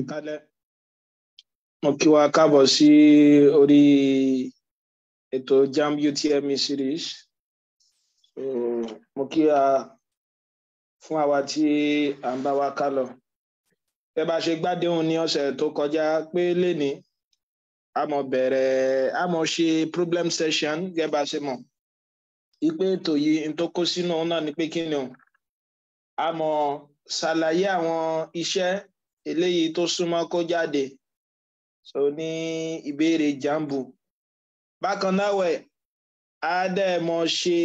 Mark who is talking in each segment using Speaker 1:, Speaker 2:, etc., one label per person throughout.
Speaker 1: ìkálẹ̀ mo kí wa káàbọ̀ sí orí ètò JAMB UTME series mo kí wa fún àwa tí à ń bá wa ká lọ ẹ bá ṣe gbádùn ní ọ̀sẹ̀ tó kọjá pé lénìí a mọ̀ bẹ̀rẹ̀ a mọ̀ ṣe problem session gẹ́gẹ́ bá ṣe mọ̀ ipe ètò yìí n tó kó sínú náà ni pé kí ni o a mọ̀ ṣàlàyé àwọn iṣẹ́ eléyìí tó súnmọ́ kó jáde so ní ìbéèrè jambu bákan náwẹ̀ á dẹ̀ mọ ṣe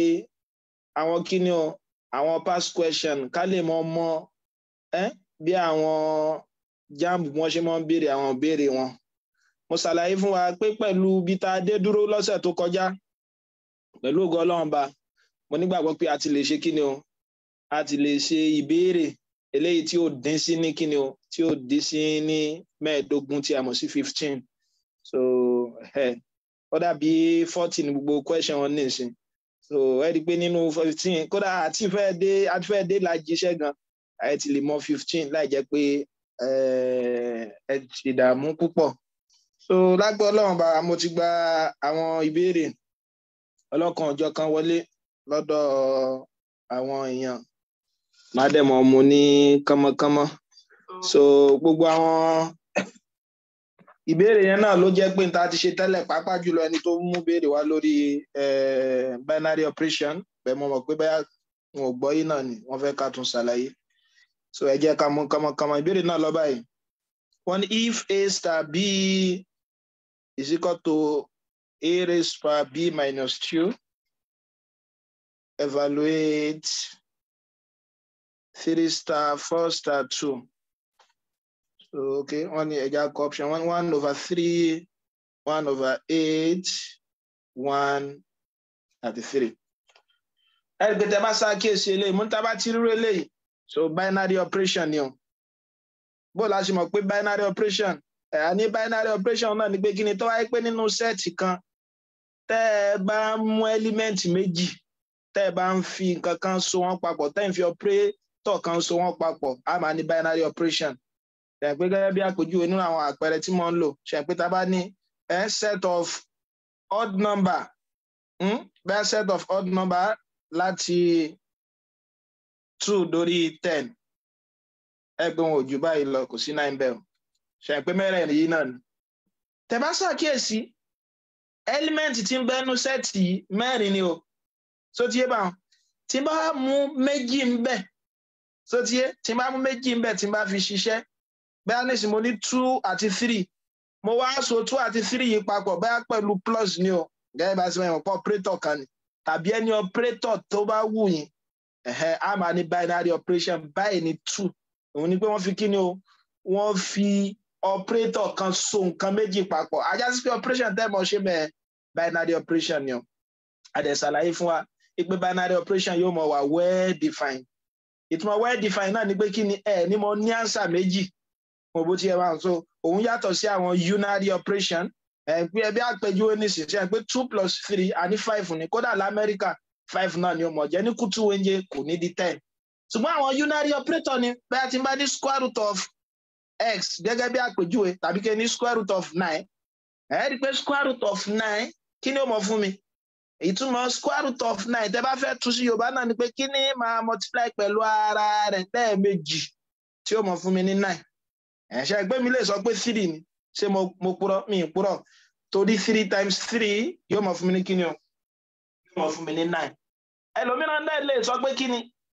Speaker 1: àwọn kíni o àwọn past question ká lè mọ mọ bí àwọn jambu wọn ṣe mọ béèrè àwọn ìbéèrè wọn mo ṣàlàyé fún wa pé pẹ̀lú bí tá a dé dúró lọ́sẹ̀ tó kọjá pẹ̀lú ògo Ọlọ́run ba mo nígbàgbọ́ pé a ti lè ṣe kíni o a ti lè ṣe ìbéèrè eléyìí tí ó dín sí ní kíni o tí ó dín sí ní mẹ́ẹ̀ẹ́dógún tí a mọ̀ sí fifteen so ó dàbí fourteen gbogbo question wọn ní ìsìn so ẹ rí i pé nínú fifteen kódà àti fẹ́ dé àti fẹ́ dé láì jíṣẹ́ gan àyè ti lè mọ fifteen láì jẹ́ pé ẹ ìdààmú púpọ̀ so lágbó ọlọ́run bá mo ti gba àwọn ìbéèrè ọlọ́kan ọ̀jọ̀ kan wọlé lọ́dọ̀ àwọn èèyàn má dẹ̀ mọ́ mu ní kánmọ́kánmọ́ mm. so gbogbo àwọn ìbéèrè yẹn náà ló jẹ́ pé n ta ti ṣe tẹ́lẹ̀ pàápàá jùlọ ẹni tó mú béèrè wá lórí binary operation bẹ́ẹ̀ mo mọ̀ pé bẹ́ẹ̀ wọn ò gbọ́ yìí náà ni wọ́n fẹ́ ká tún ṣàlàyé so ẹ jẹ́ ká mú kánmọ́kánmọ́ ìbéèrè náà lọ báyìí wọ́n if a star b is equal to a raised power b minus two evaluate three star four star two so okay only a ẹja option one one over three one over eight one at the three ẹgbẹ̀tẹ̀ bá ṣàkíyèsí eléyìí mú so binary operation ni o bó la ṣe mọ̀ binary operation ẹ̀ binary operation náà ni pé to ni tó wáyé pé nínú sẹ́ẹ̀tì kan tẹ́ ẹ bá mú ẹ́límẹ́ǹtì méjì tẹ́ ẹ ń fi nǹkan kan so wọ́n papọ̀ tẹ́ ẹ ń fi tọ̀kan so wọ́n papọ̀ a máa ní binary operation ṣàpè gẹ́gẹ́ bí àpèjúwe nínú àwọn àpẹẹrẹ tí mo ń lò ṣàpè tá a bá ní a set of odd number hmm? bá set of odd number láti two dórí ten ẹgbẹ́ wọn ò jù báyìí lọ kò sí nine bell ṣàpè mẹ́rẹ̀ẹ̀rin yìí náà ni tẹ́ bá ṣàkíyèsí element tí ń bẹnu sẹ́ẹ̀tì mẹ́rin ni o so tí yé bá wọn tí bá mú méjì ń bẹ́ẹ̀. So ti yé tí n bá mú méjì ń bẹ̀ tí n bá fi ṣiṣẹ́ bẹ́ẹ̀ mo ní two àti three mo wá so two àti three yìí papọ̀ bẹ́ẹ̀ pẹ̀lú plus ni o gẹ́gẹ́ bá a ṣe máa yàn pọ̀ operator kan ni tàbí ẹni operator tó bá wù yín ẹ̀hẹ́ a máa ní binary operation báyìí ní two òun ni pé wọ́n fi kí ni o wọ́n fi operator kan so nǹkan méjì papọ̀ ajá sí pé operation tẹ́ mọ̀ ṣe bẹ́ẹ̀ binary operation ni o a dẹ̀ fún wa pé binary operation yóò mọ̀ wá well defined ìtumọ̀ well defined náà ni pé kí ni ẹ ní mo ní ànsà méjì mo bó ti yẹ máa so òun yàtọ̀ sí àwọn unary operation ẹ pé ẹbí àpèjúwe nísìnyí ṣe pé two plus three àní five ni kódà lamẹ́ríkà five náà ni ó mọ̀ jẹ́ ní kùtù oúnjẹ kò ní di ten ṣùgbọ́n àwọn unary operator ni bẹ́ẹ̀ ti bá ní square root of x gẹ́gẹ́ bí àpèjúwe tàbí kí ní square root of nine ẹ rí i pé square root of nine kí ni ó mọ̀ fún mi ìtumọ̀ square root of nine tẹ́ bá fẹ́ tún sí yorùbá náà ni pé kí ni máa multiply pẹ̀lú ara rẹ̀ lẹ́ẹ̀mejì tí ó mọ̀ fún mi ní nine ẹ̀ṣẹ́ ẹgbẹ́ mi lè sọ pé three ni ṣé mo purọ́ mi ì purọ́ torí three times three yóò mọ̀ fún mi ní kí o yóò mọ̀ fún mi ní nine ẹlòmíràn náà lè sọ pé kí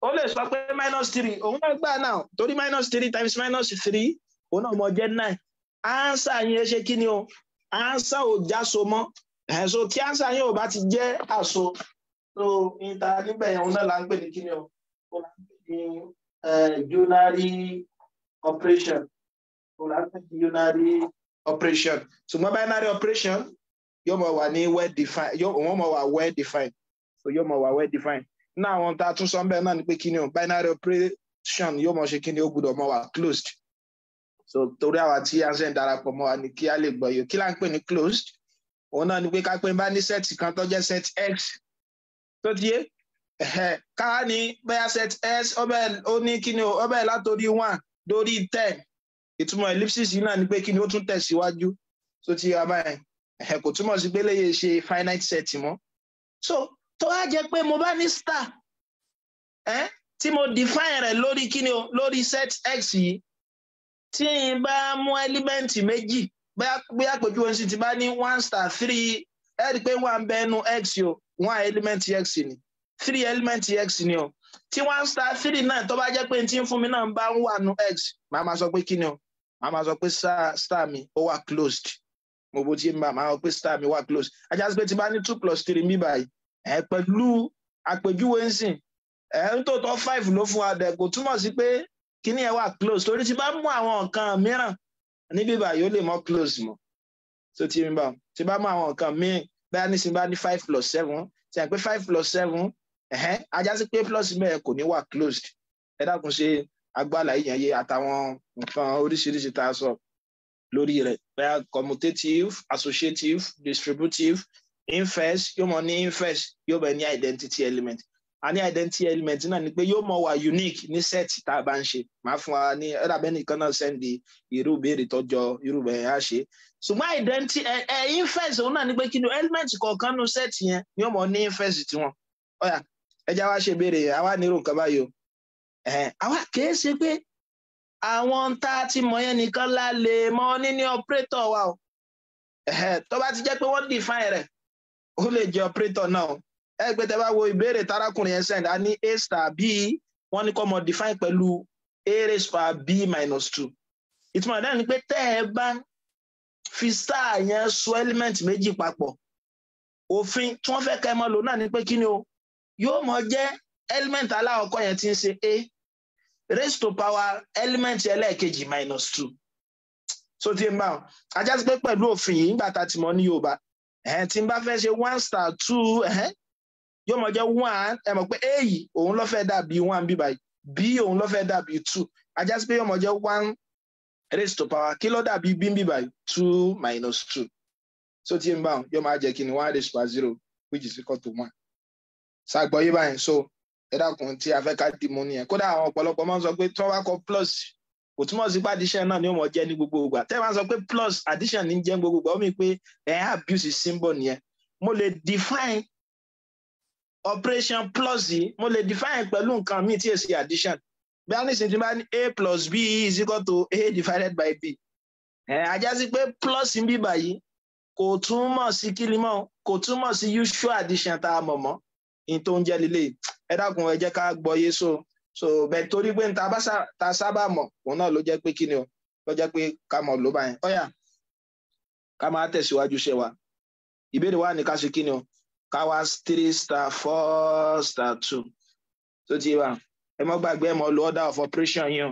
Speaker 1: ó lè sọ pé minus three òun náà gbà náà torí minus three times minus three òun náà mọ̀ jẹ́ nine ánsà yẹn ṣe kí o ánsà ò já so mọ́ so tí ansa yẹn ò bá ti jẹ́ àṣọ so níta níbẹ̀ yẹn òun náà là ń pè ní kíni o òun là ń pè ní urinary operation òun là ń pè ní urinary operation ṣùgbọ́n binary operation yóò mọ̀ wà ní well defined yóò wọ́n mọ̀ wà well defined so yóò mọ̀ wà well defined náà àwọn tá a tún sọ ń bẹ̀ náà ni pé kíni o binary operation yóò mọ̀ ṣe kíni o gbọ́dọ̀ mọ̀ wà closed so torí àwa tí ansa ń darapọ̀ mọ́ wa ni kí a lè gbọ́ yìí kí là ń pè ní closed òun náà ni pé ká pé n bá ní set kan tó jẹ́ set x tó ti yé ká ní bẹ́ẹ̀ set s ọbẹ̀ ó ní kíni o ọbẹ̀ látòrí one dórí ten ìtumọ̀ ellipsis yìí náà ni pé kíni ó tún tẹ̀síwájú tó ti yá báyìí kò túmọ̀ sí pé léyè ṣe finite set mọ́ so tó wá jẹ́ pé mo bá ní star eh? tí mo define rẹ̀ lórí kíni o lórí set x yìí tí n bá mú ẹlímẹ́ǹtì méjì bóyá pẹ̀jú oṣù tí bá ní one star three ẹ rí i pé one bẹ́ẹ̀ nu x o one element x ni three element x ni o tí one star three náà tó bá jẹ́ pé tí ń fún mi náà bá ń wà nu x màá máa sọ pé kí ni o màá máa sọ pé star mi ó wà closed mo bó ti ń bá màá sọ pé star mi wà closed ajá sí pé tí bá ní two plus three mi báyìí ẹ pẹ̀lú àpèjúwe ń sìn ẹ ń tòótọ́ five ló fún wa kò túmọ̀ sí pé kíní ẹ wà closed torí tí bá mú àwọn nǹkan mìíràn níbí báyìí ó lè mọ close mọ tó ti rí bá tí bá mọ àwọn nǹkan míì báyà nísìnyí bá ní five plus seven tí a pé five plus seven ẹ̀hẹ́n ajá sí pé plus mẹ́ẹ̀ kò ní wà closed ẹ dákun ṣe agbára yìí yẹn yé àtàwọn nǹkan oríṣiríṣi tá a sọ lórí rẹ̀ báyà commutative associative distributive inverse yóò mọ ní inverse yóò bẹ ní identity element a ní identity element náà ni pé yóò mọ wà unique ní set tá a bá ń ṣe màá fún wa ní ẹ̀rọ abẹ́nìkan náà sẹ́ndì irú ìbéèrè tọ́jọ irú ẹ̀ yà ṣe ṣùgbọ́n identity ẹ̀ ẹ̀ inference òun náà ni pé kí ni element kọ̀ọ̀kan nu set yẹn ni ó mọ ní inference tiwọn ọ̀yà ẹja wa ṣe béèrè àwa nírò nǹkan báyìí o àwa kìí ṣe pé àwọn tá a ti mọ yẹn nìkan la lè mọ níní operator wa o tó bá ti jẹ́ pé wọ́n define rẹ̀ ó lè jẹ́ operator náà o. ẹgbẹ́ tẹ́ bá wo ìbéèrè tarakùnrin yẹn send a ní a star b wọ́n ní kọ́ mọ define pẹ̀lú a raised power b minus two ìtumọ̀ ìdáhùn ni pé tẹ́ ẹ bá fi star yẹn so element méjì papọ̀ òfin tí wọ́n fẹ́ kẹ́ mọ́ lò náà ni pé kí ni o yóò mọ jẹ́ element aláwọ̀kọ́ yẹn ti ń ṣe a raised to power element ẹlẹ́ẹ̀kejì minus two so ti ń bá wọn ajá sí pé pẹ̀lú òfin yìí nígbà tá a ti ní Yorùbá tí n bá fẹ́ ṣe one star two yóò mọ jẹ́ one ẹ mọ̀ pé a yìí òun ló fẹ́ dàbí one bí báyìí b òun ló fẹ́ dàbí two ajá sí pé yóò mọ jẹ́ one raised to power kí ló dàbí b bí báyìí two minus two so tí n bá wọn yóò máa jẹ́ kí ni one raised to power zero which is equal to one ṣàgbọ́yé báyìí so ẹ dákun tí a fẹ́ ká dì mú nìyẹn kódà àwọn ọ̀pọ̀lọpọ̀ máa ń sọ pé tí wọ́n bá kọ plus kò túmọ̀ sí pé addition náà ni ó mọ̀ jẹ́ ní gbogbo ìgbà tẹ́ ẹ máa sọ pé plus addition ní jẹ́ gbogbo ìgbà ó mi pé ẹ̀ abuse symbol nìyẹn mo lè define operation plus yìí mo lè define pẹ̀lú nǹkan míì tí è ṣe addition bí a ní sin tí bá ní a plus b is equal to a divided by b ajá sí pé plus ń bí báyìí kò túmọ̀ sí kílímọ̀ kò túmọ̀ sí usual addition tá a mọ̀ mọ́ in tó ń jẹ́ lílé ẹ dákun ẹ jẹ́ ká gbọ́ yé so so bẹ́ẹ̀ torí pé ta bá ta sábà mọ̀ òun náà ló jẹ́ pé kí ni o ló jẹ́ pé ká mọ̀ ló báyìí ó ká máa tẹ̀síwájú ṣe wa ìbéèrè wa ní ká ṣe kí ni o káwá three star four star two tó ti wà ẹ mọ́ gbàgbé ẹ mọ́ lo order of operation yín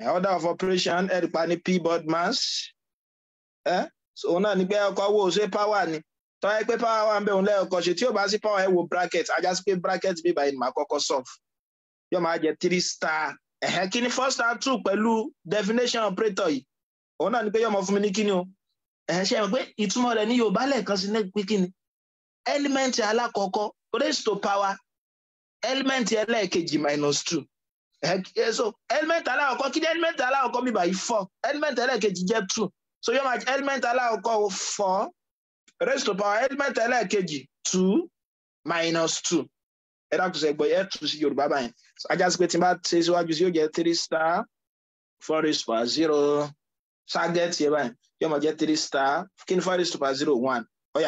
Speaker 1: o order of operation ẹ rí pa ní pboard mass ẹ òun náà ní pé ọkọ̀ wo ṣé power ni tọ́ ẹ pé power wà ń bẹ̀ òun lẹ́ẹ̀kọ́ ṣe tí ò bá sí power ẹ wo bracket ajá sí pé bracket bí báyìí màá kọ́kọ́ solve yóò máa jẹ three star ẹ̀hẹ́ kí ni four star two pẹ̀lú definition operator yìí òun náà ní pé yóò mọ fún mi ní kí ni o ẹ̀hẹ́ ṣe é pé ìtumọ̀ rẹ̀ ní Yorùbá lẹ́ẹ̀kan sí ní pé kí ni ẹ́límẹ́ǹtì alákọ̀ọ́kọ́ raise to power ẹ́límẹ́ǹtì ẹlẹ́ẹ̀kejì minus two eh, eh, so ẹ́límẹ́ǹtì alákọ̀ọ́kọ́ kí ni ẹ́límẹ́ǹtì alákọ̀ọ́kọ́ mi báyìí four ẹ́límẹ́ǹtì ẹlẹ́ẹ̀kejì jẹ́ two so yóò máa jẹ́ ẹ́límẹ́ǹtì four raise to power ẹ́límẹ́ǹtì ẹlẹ́ẹ̀kejì two minus two ẹ dákun sẹ gbọ́ ẹ tù sí Yorùbá báyìí ajá sí pé tí n bá ṣe síwájú sí yóò jẹ́ three star four raise to power zero ṣáájẹ́ tiẹ̀ báyìí yóò máa three star kí ni four raise to power zero one ó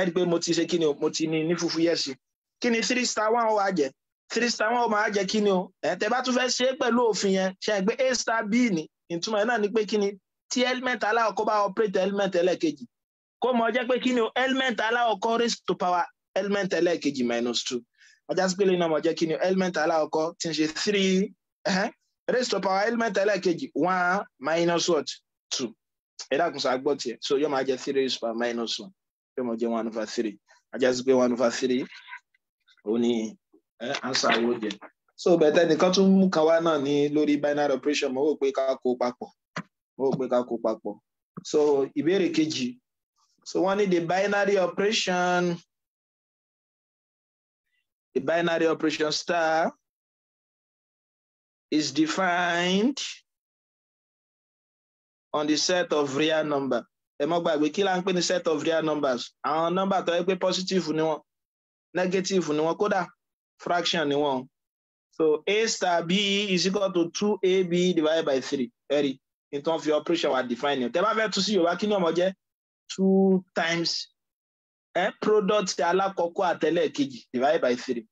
Speaker 1: ẹ rí i pé mo ti ṣe kí ni o mo ti ní ní fufu yẹ sí kí ni three star one ó jẹ three star one ó máa jẹ kí ni o ẹ tẹ bá tún fẹ́ ṣe é pẹ̀lú òfin yẹn ṣe é pé a star b ni ìtumọ̀ yẹn náà ni pé kí ni tí element aláwọ̀kọ́ bá operate element ẹlẹ́ẹ̀kejì kó mọ̀ jẹ́ pé kí ni o element aláwọ̀kọ́ raise to power element ẹlẹ́ẹ̀kejì minus two ọjà sípèlè náà mọ̀ jẹ́ kí ni o element aláwọ̀kọ́ ti ṣe three raise to power element ẹlẹ́ẹ̀kejì one minus what two ẹ̀dá kùn gbọ́ tiẹ̀ so yóò máa jẹ́ three raise to power minus one jẹ́ one one answer wo jẹ so bẹ̀tẹ̀ nìkan tún mú kan ní lórí binary operation mo pé ká kó papọ̀ mo pé ká kó papọ̀ so ìbéèrè kejì so the binary operation the binary operation star is defined on the set of real number. ẹ mọ́ gbàgbé kí là ń pè ní set of real numbers àwọn nọ́mbà tó yẹ pé positive ni wọ́n negative ni wọ́n kódà fraction ni wọ́n so a star b is equal to two ab divided by three ẹ In nítorí fi operation wa define ni tẹ bá fẹ́ tú sí yorùbá kí ni ọmọ jẹ́ two times ẹ product alákọ̀ọ́kọ́ àtẹlẹ́ kejì divided by three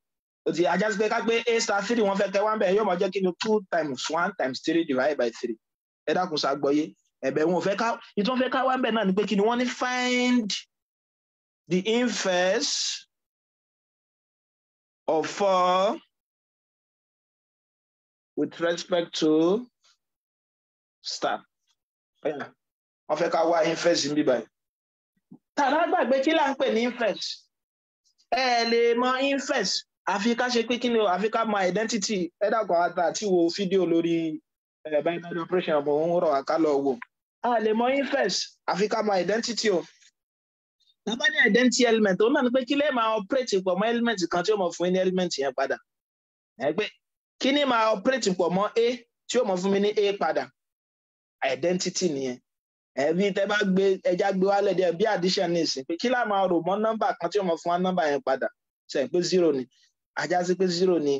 Speaker 1: òtí ajásí pé ká pé a star three wọ́n fẹ́ kẹ́ wá ń bẹ̀ yóò mọ̀ jẹ́ kí ni two times one times three divided by three ẹ dákun ṣàgbọ́yé ẹ̀bẹ̀ wọn ò fẹ́ ká ìtọ́ fẹ́ ká wá ń bẹ̀ náà ni pé kí ni wọ́n ní find the inverse of four
Speaker 2: with respect to
Speaker 1: star wọ́n fẹ́ ká wá inverse níbí báyìí tàbá gbàgbé kí là ń pè ní inverse ẹ lè mọ inverse àfi ká ṣe pé kí ni àfi ká mọ identity ẹ̀dá kan àti wo fídíò lórí eh, binary operation mo ń rọ̀ àkálọ̀ wò a lè mọ infest àfi ká mọ identity o tábà ní identity element òun náà ni pé kí lè máa operate pọ̀ mọ́ element kan tí ó mọ̀ fún mi ní element yẹn padà ẹgbẹ́ kí ni máa operate pọ̀ mọ́ a tí ó mọ̀ fún mi ní a padà identity nìyẹn ẹbí tẹ bá gbé ẹja gbé wálẹ̀ díẹ̀ bí addition ní ìsìn pé kí láà máa rò mọ́ nọ́mbà kan tí ó mọ̀ fún wa nọ́mbà yẹn padà sẹ́yìn pé zero ni ajá sí pé zero ni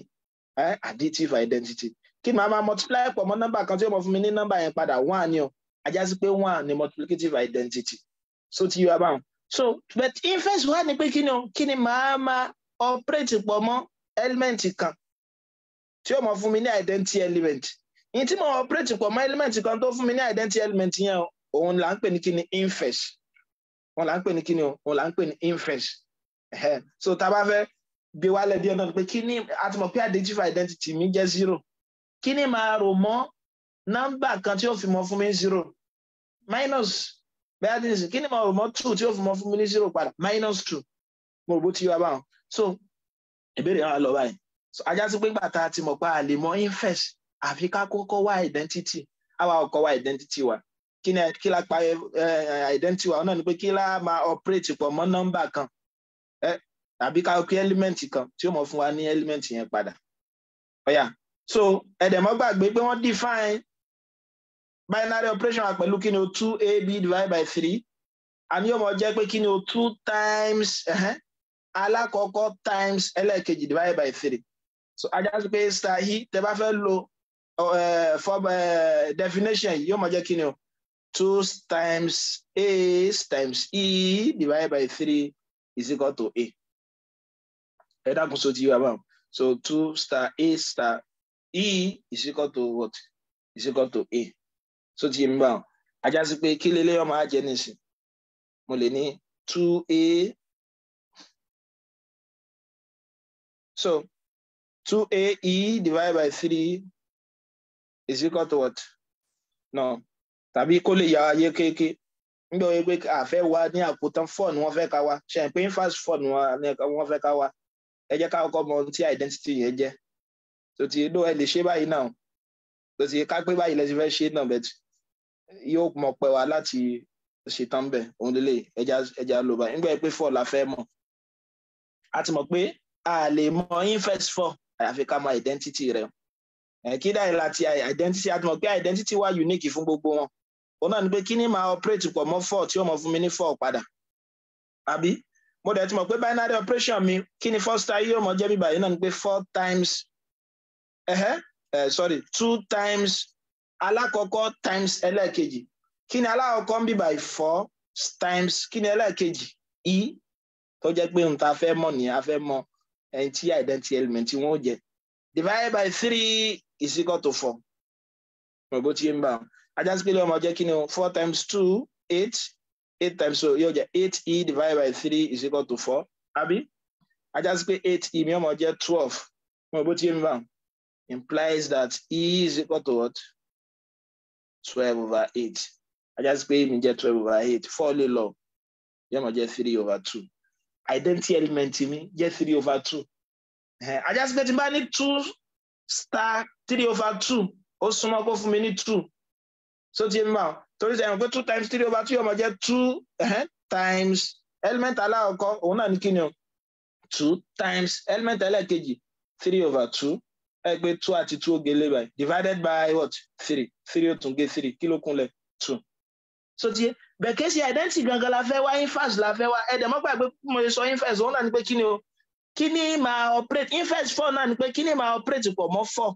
Speaker 1: additive identity kí màá máa multiply pọ̀ mọ́ nọ́mbà kan tí ó mọ̀ fún mi ní nọ́mbà yẹn padà one ni o ajá sí pé one ni multiplicative identity so ti yọ abáwọn so but inference wà ní pé kí ni o kí ni màá máa operate pọ̀ mọ́ element kan tí ó máa fún mi ní identity element yìí tí mo operate pọ̀ mọ́ element kan tó fún mi ní identity element yẹn o òun là ń pè ní kí ni inference òun là ń pè ní kí ni o òun là ń pè ní inference so taba a bá fẹ́ gbé wálẹ̀ díẹ̀ náà pé kí ni àtìmọ̀ pé adjective identity mi jẹ́ zero kí ni màá rò mọ́ nọ́mbà kan tí ó fi mọ fún mi zero minus bẹ́ẹ̀ ní kí ni mo rò two tí ó fi mọ fún mi zero padà minus two mo rò bó ti yọ abáwọn so ìbéèrè yẹn wà lọ báyìí so ajá sí pé gbà tá a ti mọ̀ pa àlè mọ́ infest àfi ká kọ́kọ́ wá identity àwa ọkọ̀ wá identity wa kí ni kí la pa identity wa náà ni pé kí la máa operate pọ̀ mọ́ nọ́mbà kan tàbí ká kí ẹ́límẹ́ǹtì kan tí ó mọ̀ fún wa ní ẹ́límẹ́ǹtì yẹn padà ọ̀yà so ẹ̀dẹ̀mọ́ pé wọ́n define binary operation wa pẹ̀lú kí ni o two ab divided by three àní yóò mọ jẹ́ pé kí ni o two times uh-huh, alákọ̀ọ́kọ́ times ẹlẹ́ẹ̀kejì divided by three so ajá sí pé star yìí e, tẹ bá fẹ́ lo for definition yìí yóò mọ jẹ́ kí ni o two times a times e divided by three is equal to a ẹ dákun so ti yí wa so two star a star e is equal to what is equal to a so ti ń bá wọn ajá sí pé kí lélẹ́yìn ọmọ ajẹ́ nìsín mo lè ní two
Speaker 2: a so
Speaker 1: two a e divided by three is equal to what no tàbí kó lè yà ayé kéèké nígbà wọ́n pé àfẹ́ wa ní àkótán four ni wọ́n fẹ́ ká wa ṣe é pé first four ni wọ́n fẹ́ ká wa ẹ jẹ́ ká kọ́kọ́ mọ ohun tí identity yẹn jẹ́ So, ti ló ẹ lè ṣe báyìí náà tó ti ká pé báyìí lẹ́sìn fẹ́ ṣe náà bẹ́ẹ̀ yóò mọ pẹ́ wa láti ṣetán bẹ́ẹ̀ òun lélẹ̀ ẹja ló bá nígbà pé four la fẹ́ mọ̀ a ti mọ̀ pé a lè mọ infest four àyàfi ká mọ identity rẹ̀ kí dáì láti identity a ti mọ̀ pé identity wa unique fún gbogbo wọn òun náà ni pé kí ni máa operate pọ̀ mọ́ four tí ó mọ̀ fún mi ní four padà àbí mo dẹ̀ ti mọ̀ pé binary operation mi kí ni first time yóò mọ̀ jẹ́ bíbá yìí náà ni pé four times uh sorry two times alákọ̀ọ́kọ́ times ẹlẹ́ẹ̀kejì kí ni alákọ̀ọ́kọ́ ń bì by four times kí ni ẹlẹ́ẹ̀kejì e tó jẹ́ pé ohun tá a fẹ́ mọ̀ ni a fẹ́ ẹni tí identity element wọn jẹ divided by three is equal to four mo bó ti ń bá ajásípélé ọmọ jẹ́ kí ni four times two eight eight times so yóò jẹ́ eight e divided by three is equal to four Abi àbí ajásípé eight e mi ọmọ jẹ́ twelve mo bó ti ń bá implies that e is equal to what twelve over eight I just pé mi just twelve over eight four lè lọ yóò máa jẹ́ three over two identity element mi jẹ́ three over two I just get tí n two star three over two ó súnmọ́ kó fún mi two so ti ń So ọ torí ẹ̀rọ pé two times three over two yóò máa jẹ́ two times element alákọ̀ọ́kọ́ òun náà ní two times element ẹlẹ́ẹ̀kejì three over two ẹ two àti two oge lé báyìí divided by what three three ó tún gé three kí ló kúnlẹ̀ two so ti bẹ́ẹ̀ kí n ṣe identity gangan la fẹ́ wá inverse la fẹ́ wá ẹ dẹ̀ mọ́ gbàgbé mo sọ inverse òun náà ni pé kí ni o kí ni máa operate inverse four náà ni pé kí ni máa operate pọ̀ mọ́ four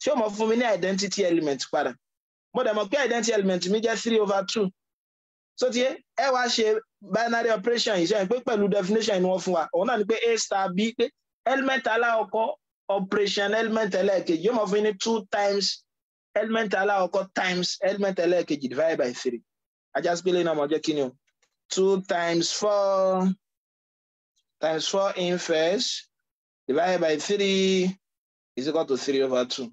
Speaker 1: tí ó mọ̀ fún mi ní identity element padà mo dẹ̀ mọ̀ pé identity element mi jẹ́ three over two so ti ẹ wá ṣe binary operation yìí ṣe pé pẹ̀lú definition ni wọ́n fún wa òun náà ni pé a star b pé element aláwọ̀kọ́ operation element ẹlẹ́ẹ̀kejì yóò mọ̀ fún ní two times element aláwọ̀kọ́ times element ẹlẹ́ẹ̀kejì divided by three ajaspele náà mọ̀ jẹ́ kí ni o two times four times four inverse divided by three is equal to three over two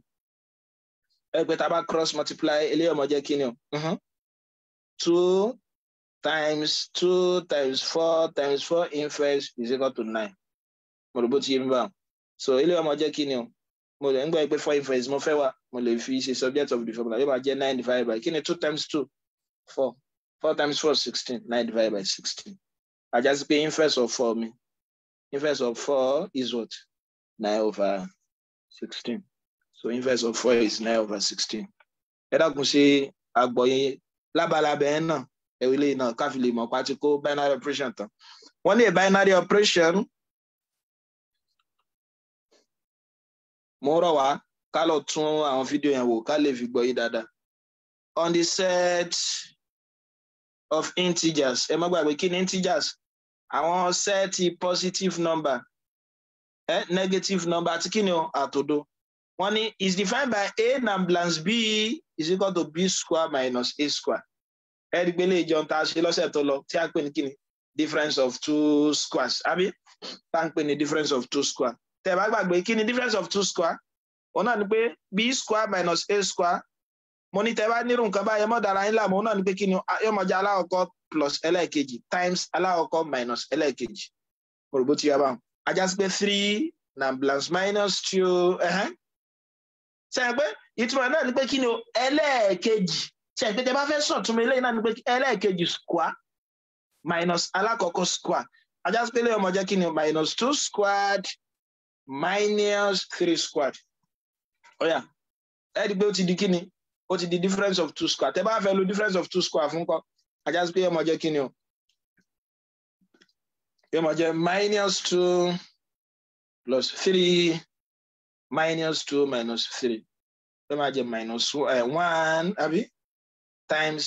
Speaker 1: ẹgbẹ́ tá a bá cross multiply eléyìí ọmọ jẹ́ kí ni o mhm. two times two times four times four inverse is equal to nine mo rò bó ti yé mi báwọn so eléyà máa jẹ́ kí ni o mo lè ń gbọ́ pé four inference mo fẹ́ wa mo lè fi ṣe subject of the formula yóò máa jẹ́ nine divided by kí two times two four four times four sixteen nine divided by sixteen àjàsí pé inverse of four mi Inverse of four is what nine over sixteen so inverse of four is nine over sixteen ẹ dákun ṣe àgbọ̀yìn lábalábẹ́ ẹ náà ẹ̀wí lè náà káfí lè mọ̀ kó binary operation tán wọ́n ní binary operation mo rọ̀ wá ká lọ tún àwọn fídíò yẹn wò ká lè fi gbọ́ yín dáadáa. on the set of integers ẹ má gbàgbé kí ni integers àwọn sẹ́ẹ̀tì positive number eh, negative number àti kí ni o àtòdo wọ́n ní is defined by a numblance b is equal to b square minus a square ẹ̀rí gbélé ìjọ tá a ṣe lọ́sẹ̀ tó lọ tí a pè ní kí ni difference of two squares àbí tá a ń pè ní difference of two squares tẹ́ bá gbàgbé kí ni difference of two square òun náà ni pé b square minus a square mo ní tẹ́ bá nírú nǹkan báyẹn mọ́ dára yín láàmú òun náà ni pé kí ni yóò mọ jẹ́ plus ẹlẹ́ẹ̀kejì times aláwọ̀kọ́ minus ẹlẹ́ẹ̀kejì mo rò bó ti yá ajá sí pé three na plus minus two sẹ́yìn pé ìtumọ̀ náà ni pé kí ni o ẹlẹ́ẹ̀kejì sẹ́yìn pé tẹ́ bá fẹ́ sọ̀ tún mi eléyìí náà ni pé ẹlẹ́ẹ̀kejì square minus alákọ̀ọ́kọ́ square ajá sí pé eléyìí ọmọ jẹ́ kí ni minus two squared minus three squared Oh yeah. ẹ rí i pé ó ti di kíni ó ti di difference of two square tẹ bá fẹ́ lo difference of two square fún kọ ajá sí pé yóò máa jẹ́ o yóò máa jẹ́ minus two plus three minus two minus three yóò máa jẹ́ minus one eh, àbí times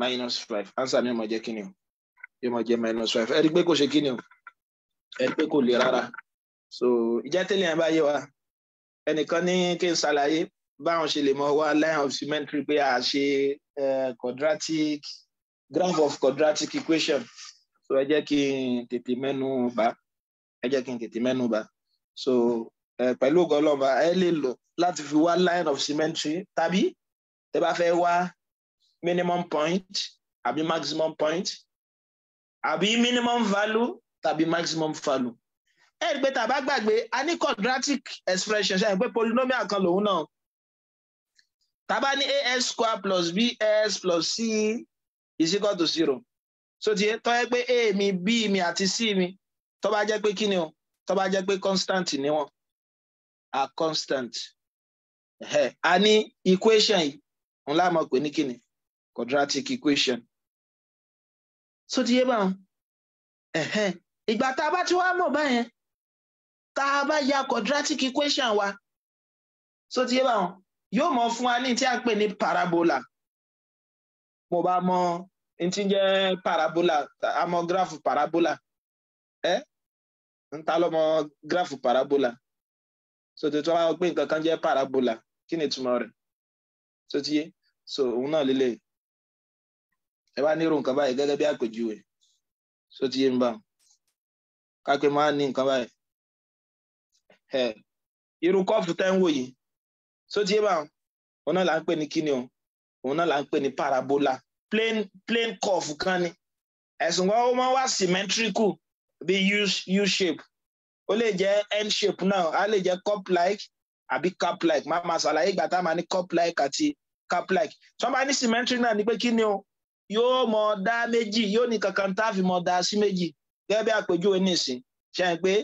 Speaker 1: minus five answer mi yóò máa jẹ́ o yóò máa jẹ́ minus five ẹ rí i pé kò ṣe kíni o ẹ rí i le rárá so ìjátẹ́lẹ̀ yẹn bá yé wa ẹnìkan ní kí n ṣàlàyé báwọn ṣe lè mọ wá line of symmetry pé a ṣe quadratic graph of quadratic equation so ẹ jẹ́ kí n tètè mẹ́nu bà ẹ jẹ́ kí n tètè mẹ́nu bà so pẹ̀lú ògo ọlọ́mọba ẹ lè lò láti fi wá line of symmetry tàbí tẹ bá fẹ́ wá minimum point àbí maximum point àbí minimum value tàbí maximum value ẹ rí i pé tá a bá gbàgbé a ní quadratic expression ṣe é pé polynomial kan lòun náà tá a bá ní as square plus bs plus c is equal to zero so ti tó yẹ pé a mi b mi àti c mi tó bá jẹ́ pé kí ni o tó bá jẹ́ pé constant ni wọ́n a constant a ní equation yìí òun láàmú pé ní kí ni quadratic equation so ti yé báwọn ìgbà tá a bá ti wá mọ̀ báyẹn ta a bá ya quadratic equation wa so ti yé báwọn yóò mọ fún wa ní a ń pè ní parabola mo bá mọ n ti jẹ parabola a graph parabola ẹ n ta ló mọ graph parabola so tí wọn bá nǹkan kan jẹ parabola kí ni ìtumọ̀ so ti yé so òun náà lélẹ̀ ẹ bá nírò nǹkan báyìí gẹ́gẹ́ bí àpèjúwe so ti yé ń bá máa ní nǹkan báyìí. irú kọ́ọ̀fù tẹ́ ń wò yìí tó ti yé bá òun náà là ń pè ní kíni o òun náà là ń pè ní parabola plain plain kọ́ọ̀fù kan ni ẹ̀sùn kan ó máa ń wá symmetrical bí u shape ó lè jẹ́ n shape náà á lè jẹ́ cup like àbí cup like má máa ṣàlàyé ìgbà tá a máa ní cup like àti cup like tí wọ́n bá ní symmetric náà ni pé kíni o yóò mọ dá méjì yóò ní kankan tá a fi mọ dá sí méjì gẹ́gẹ́ bí àpèjúwe nísìn ṣe é pé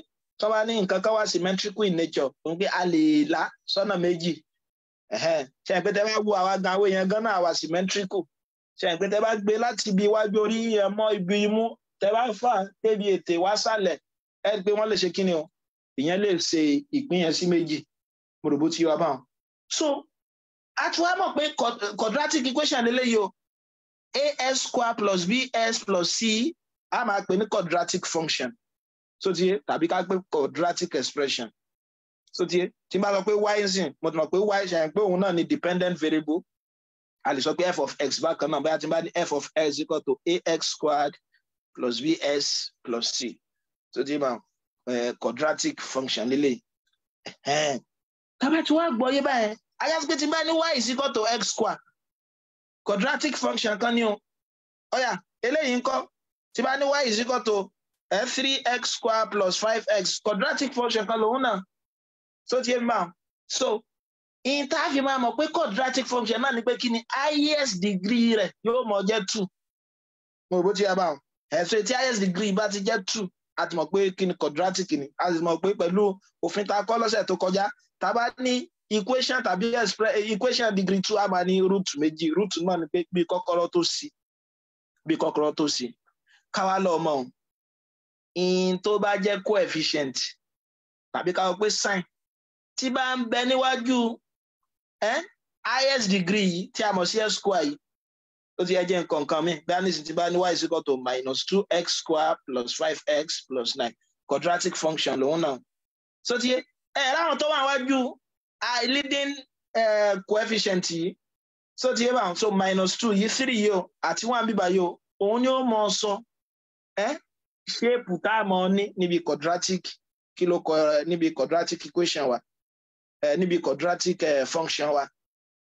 Speaker 1: tọ́ba ní nǹkan kan wá symmetrical in nature fún pé a lè là sọ́nà méjì ṣe àpè tẹ́ bá wo àwa gan àwọn èèyàn gan náà wà symmetrical ṣe àpè tẹ́ bá gbé láti ibi iwájú orí yẹn mọ́ ibi imú tẹ́ bá fà débi ètè wá sàlẹ̀ ẹ pé wọ́n lè ṣe kí ni o ìyẹn lè ṣe ìpín yẹn sí méjì mo rò bó ti yọ abáwọn. so a ti wá mọ̀ pé quadratic equation lélẹ́yìí o as square plus bs plus c a máa pè ní quadratic function so tiye tàbí ká pé quadratic expression so tiye tí n bá sọ pé y sin mo tún mọ̀ pé y ṣàyẹn pé òun náà ni dependent variable a lè sọ pé f of x bákan náà bóyá tí n bá ní f of x equal to ax squared plus bs plus c so tiye ma quadratic function lílé tábà tí wọ́n gbọ́ yé báyẹn ayáfi pé tí n bá ní y is equal x squared quadratic function kan ni o ó yá eléyìí ń kọ́ tí n bá ní y is equal F 3x square plus 5x quadratic function kan lòun náà tó ti yé mi so in tá a fi máa mọ̀ pé quadratic function náà ni pé kí ni highest degree rẹ̀ yóò mọ̀ jẹ́ two mo rò bó ti yá báwọn ẹ̀sùn etí highest degree bá ti jẹ́ two a ti mọ̀ pé kí ni quadratic ni a sì mọ̀ pé pẹ̀lú òfin ta kọ́ lọ́sẹ̀ tó kọjá tá bá ní equation tàbí eh, equation degree two a máa ní root méjì root náà ni pé bí kọ́kọ́rọ́ tó sí bí kọ́kọ́rọ́ tó sí káwá lọ́ọ́ mọ̀ ọ́n in tó bá jẹ́ coefficient tàbí ká sọ pé sin tí bá ń bẹ níwájú highest degree yìí tí a mọ̀ sí x square yìí ó ti yẹ jẹ́ nǹkan kan mi bí a ní ti bá ní y is equal to minus two x square plus five x plus nine quadratic function lòun náà so ti yẹ ẹ láwọn tó wà wájú leading uh, coefficient yìí so ti yẹ báwọn so minus two yìí three yìí o àti one bíbá yìí o òun ni ó mọ sọ ṣéèpù tá a mọ̀ ní níbi quadratic kí ló kọ eh, níbi quadratic equation wa eh, níbi quadratic eh, function wa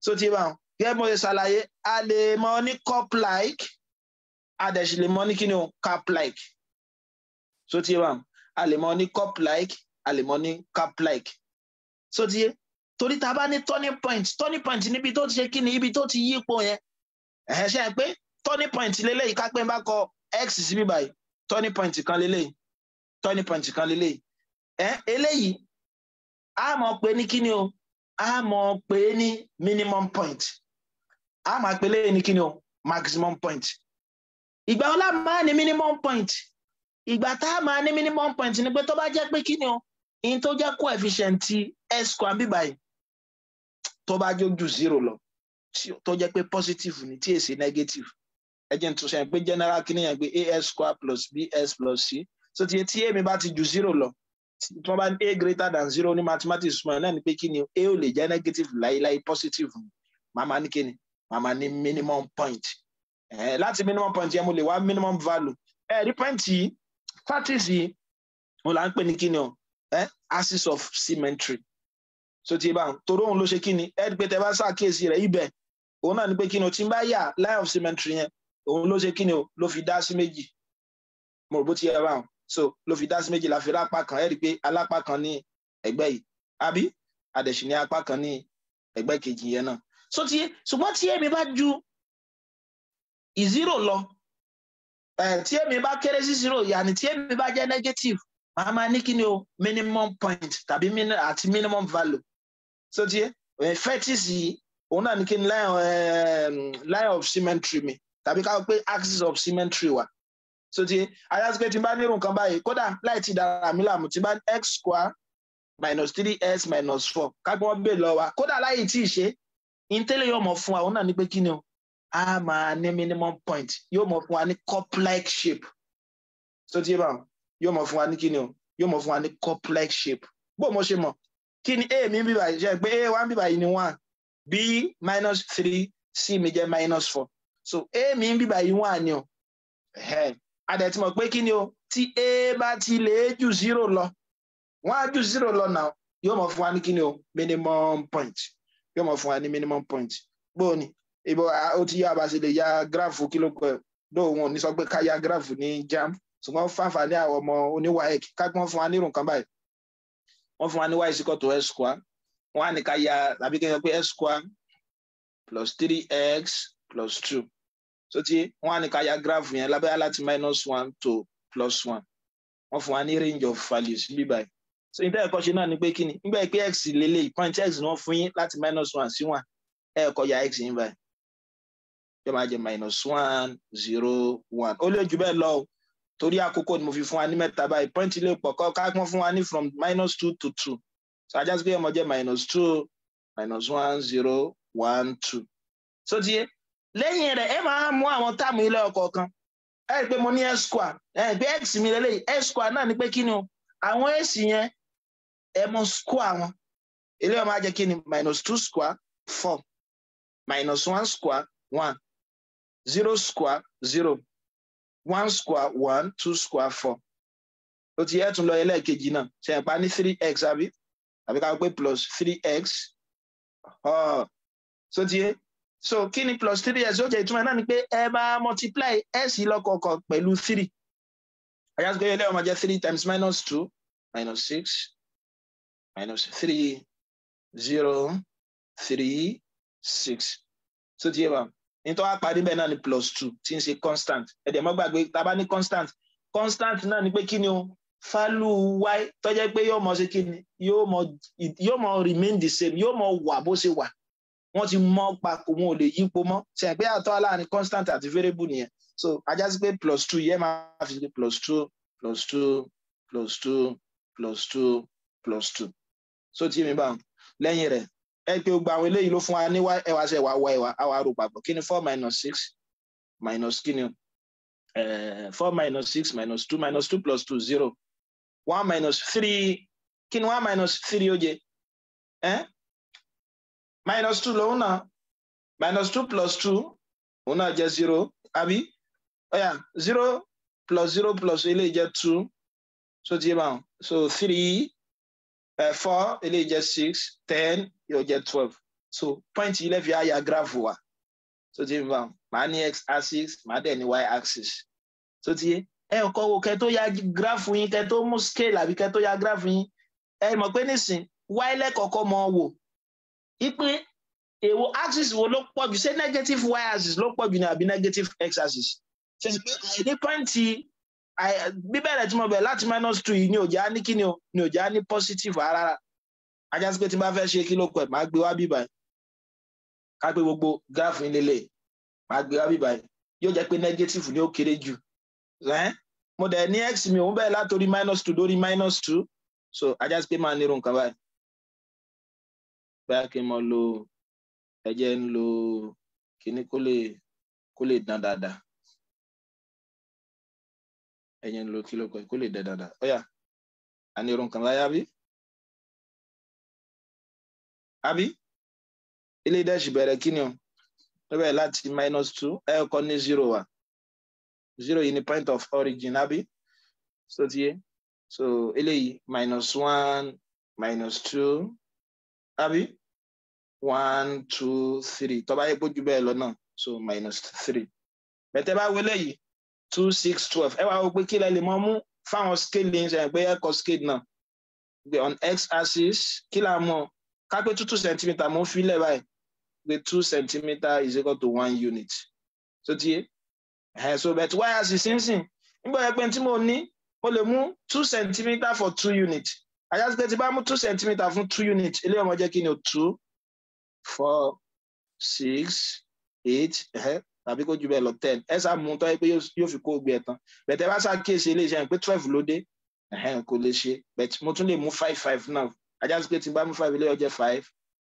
Speaker 1: so ti bá wọn gẹ́gẹ́ bó ṣe ṣàlàyé a lè mọ̀ ní cup like a dẹ̀ sì lè mọ̀ ní kíni o cap like so ti bá wọn a lè mọ̀ ní cup like a lè mọ̀ ní cap like so ti yé torí tá bá ní turning point turning point níbi tó ti ṣe kíni ibi tó ti yípo yẹn ẹ̀hẹ́ ṣe é pé turning point lélẹ́yìí ká pé bá kọ x síbí báyìí turning point kan lélẹ́yìí turning point kan lélẹ́yìí ẹ eléyìí a mọ̀ pé ní kíni o a mọ̀ pé ní minimum point a mọ̀ pé lẹ́yìn ní kíni o maximum point ìgbà ọlá máa ní minimum point ìgbà tá a máa ní minimum point ni pé tó bá jẹ́ pé kíni o in tó jẹ́ coefficient x square bí báyìí tó bá jó ju zero lọ tó jẹ́ pé positive ni tí èsì negative ẹ jẹ́ n tún sẹ́yìn pé general kini yẹn pé as square plus bs plus c so tiẹ̀ tí èmi bá ti ju zero lọ tí wọ́n bá ní a greater than zero ní mathematics mọ̀ náà ni pé kí ni a ò lè jẹ́ negative láíláí positive màmá ní kí ni màmá ní minimum point eh, láti minimum point yẹn mo lè wá minimum value ẹ̀rí point yìí practice yìí mo là ń pè ní kí ni o eh, axis of symmetry so ti bá torí òun ló ṣe kí ni ẹ pé tẹ bá ṣàkíyèsí rẹ ibẹ̀ òun náà ni pé kí ni o ti ń bá yà line of symmetry yẹn òun ló ṣe kíni o ló fi dá sí méjì mo rò bó ti yẹ báwọn so ló fi dá sí méjì la fi lápá kan ẹ rí i pé alápá kan ní ẹgbẹ́ yìí àbí àdẹ̀sí ní apá kan ní ẹgbẹ́ kejì yẹn náà so ti ṣùgbọ́n tí èmi bá ju ìzírò lọ tí èmi bá kéré sí zero yàní tí èmi bá jẹ́ negative màá máa ní kíni o minimum point tàbí àti minimum value so ti ẹ fẹ́tìsì yìí òun náà ní kí ni ehm, line of symmetry mi tàbí ká pé axis of symmetry wa so ti ayáṣí pé tí n bá nírun nǹkan báyìí kódà láì ti dára mi láàmú tí n bá ní x square minus three x minus four kápẹ́ wọ́n bèè lọ wa kódà láì tí ì ṣe intele yóò mọ̀ fún wa òun náà ní pé kí ni o a máa ní minimum point yóò mọ̀ fún wa ní cup-like shape so ti yé báwọn yóò mọ̀ fún wa ní kí ni o yóò mọ̀ fún wa ní cup-like shape bó mo ṣe mọ̀ kí ni a mi bíbà yìí ṣe pé a one bíbà yìí ni one b minus three c mi jẹ́ minus four so èmi ń bíbà yìí wà ní o adẹ̀tìmọ̀ pé kí ni o tí a bá ti lè jù zero lọ wọ́n á jù zero lọ náà yóò mọ̀ fún wa ní kí ni o minimum point yóò mọ̀ fún wa ní minimum point gbóò ni ibo ó ti yá abàṣe lè ya gíráfù kí ló kọ ẹ lóòwọ̀n ní sọ pé ká ya gíráfù ní jam ṣùgbọ́n fáfà ní àwọn ọmọ oníwáyẹ̀kì kápọ́n fún wa nírun kan báyìí wọ́n fún wa ní y sí kọ́tò x square wọ́n á ní ká ya tàbí kí n sọ pé x square plus three x plus two so ti wọn á ní graph yẹn lábẹ́ láti minus one to plus one wọn fún wa ní range of values bí báyìí so ní tẹ́ẹ̀kọ́ ṣe náà ni pé kí ni nígbà pé x lélẹ̀ point x ni wọ́n fún yín láti minus one sí one ẹ̀ẹ̀kọ́ ya x yín báyìí yóò máa jẹ minus one zero one ó lè jù bẹ́ẹ̀ lọ o torí àkókò ni mo fi fún wa ní mẹ́ta báyìí point ilé pọ̀ kọ́ ká pọ́n fún wa ní from minus two to two so ajá sí pé ọmọ jẹ minus two minus one zero one two so tiye lẹ́yìn rẹ̀ ẹ máa mú àwọn táàmù ilé ọ̀kọ̀ọ̀kan ẹ rí pé mo ní x ẹ x mi lélẹ́yìn x náà ni pé kí ni o àwọn èsì yẹn ẹ mú wọn ilé ọmọ ajẹ́ kí ni minus two square four minus one square one zero square zero one square one two square four ó ti yẹ lọ náà ṣe ní three x àbí àbí ká pé plus three x so kí ni plus three s ó jẹ́ ìtumọ̀ náà ni pé ẹ máa multiply s lọ́kọ̀ọ̀kan pẹ̀lú three àyà sọ́kẹ́ ilé ọmọ jẹ́ three times minus two minus six minus three zero three six tó ti yé wa nítorí wàá parí bẹ́ẹ̀ náà ni plus two tí ń ṣe constant ẹ̀dẹ̀ mọ́ gbàgbé tá a bá ní constant constant náà ni pé kí ni o fálù y tó jẹ́ pé yóò mọ ṣe kí ni yóò mọ remain the same yóò mọ wà bó ṣe wà wọ́n ti mọ́ papò wọn ò lè yípo mọ́ ṣe pé àtọ́ aláàánú constant àti variable nìyẹn so ajá sí pé plus two yẹn máa fi ṣe plus two plus two plus two plus two plus two so tí mi bá wọn lẹ́yìn rẹ̀ ẹ pé gbogbo àwọn eléyìí ló fún wa ní ẹwà sí ẹwà wọ ẹwà àwa rò papọ̀ kí ni four minus six minus kí ni eh, four minus six minus two minus two plus two zero one minus three kí ni one minus three ó jẹ eh? minus two lòun náà minus two plus two òun náà jẹ́ zero àbí ọ̀yà zero plus zero plus eléyìí jẹ́ two so ti yé so three uh, four eléyìí jẹ́ six ten yóò jẹ́ twelve so point eleven, lẹ́fì àyà graph wa so ti yé báwọn màá x axis màá dẹ̀ ní y axis so ti yé ẹ kọ́ wo kẹ́ tó ya graph yín kẹ́ tó mú scale àbí kẹ́ tó ya graph yín ẹ mọ̀ pé nísìn y lẹ́kọ̀ọ́kọ́ mọ̀ wò ipe èwo axis wo ló pọ̀ jù ṣé negative y axis ló pọ̀ jù ní àbí negative x axis ṣe sì pé àìní pọ́ǹtì bíbẹ̀rẹ̀ tí mo bẹ̀rẹ̀ láti minus two yìí ni ò já ní kíni o ni ò já ní positive rárá ajá sí pé tí n bá fẹ́ ṣe kí ló pẹ̀ máa gbé wá bíbáyìí ká pé gbogbo gráfù yín lélẹ̀ máa gbé wá bíbáyìí yóò jẹ́ pé negative ni ó kéré jù mo dẹ̀ ní x mi òun bẹ̀rẹ̀ látòrí minus two dórí minus two so ajá sí pé máa nírun nǹkan báyìí báyà kí n mọ lo ẹjẹ ń lo kíní kó lè
Speaker 2: kó lè dán dáadáa ẹjẹ ń lo kí ló kọ kó lè dán dáadáa ó yá kan láyà bí
Speaker 1: àbí ilé dẹ́sì bẹ̀rẹ̀ kíni o lọ́bẹ̀ láti minus two ẹ kọ́ ní zero wa zero yìí ni point of origin àbí so tiye so eléyìí minus one minus two àbí one two three tó bá yẹ gbójú lọ náà so minus three bẹ̀tẹ̀ bá wọlé yìí two six twelve ẹ wá wọ pé kí lẹ lè mọ mú fáwọn scalings ẹ̀ pé ẹ̀kọ́ scale náà gbé on x axis kí là mọ̀ ká pé two two centimeter mo fi lẹ̀ báyìí pé two centimeter is equal to one unit so tiye ẹ̀ so bẹ̀tẹ̀ y axis sínsìn nígbà yẹn pé tí mo ní mo lè mú two centimeter for two unit àyàtúkẹ́ ti bá mú two centimeter fún two unit eléyìí ọmọ jẹ́ kí ni o two four six eight tàbí kó ju bẹ́ẹ̀ lọ ten ẹ sá mú tọ́ pé yóò fi kó gbé ẹ tán bẹ̀tẹ̀ bá sá kíyèsí iléeṣẹ́ yẹn pé twelve ló dé kò lè ṣe bẹ̀tẹ̀ mo tún lè mú five five náà ajá sí pé tí n bá mú five ilé ọjọ́ five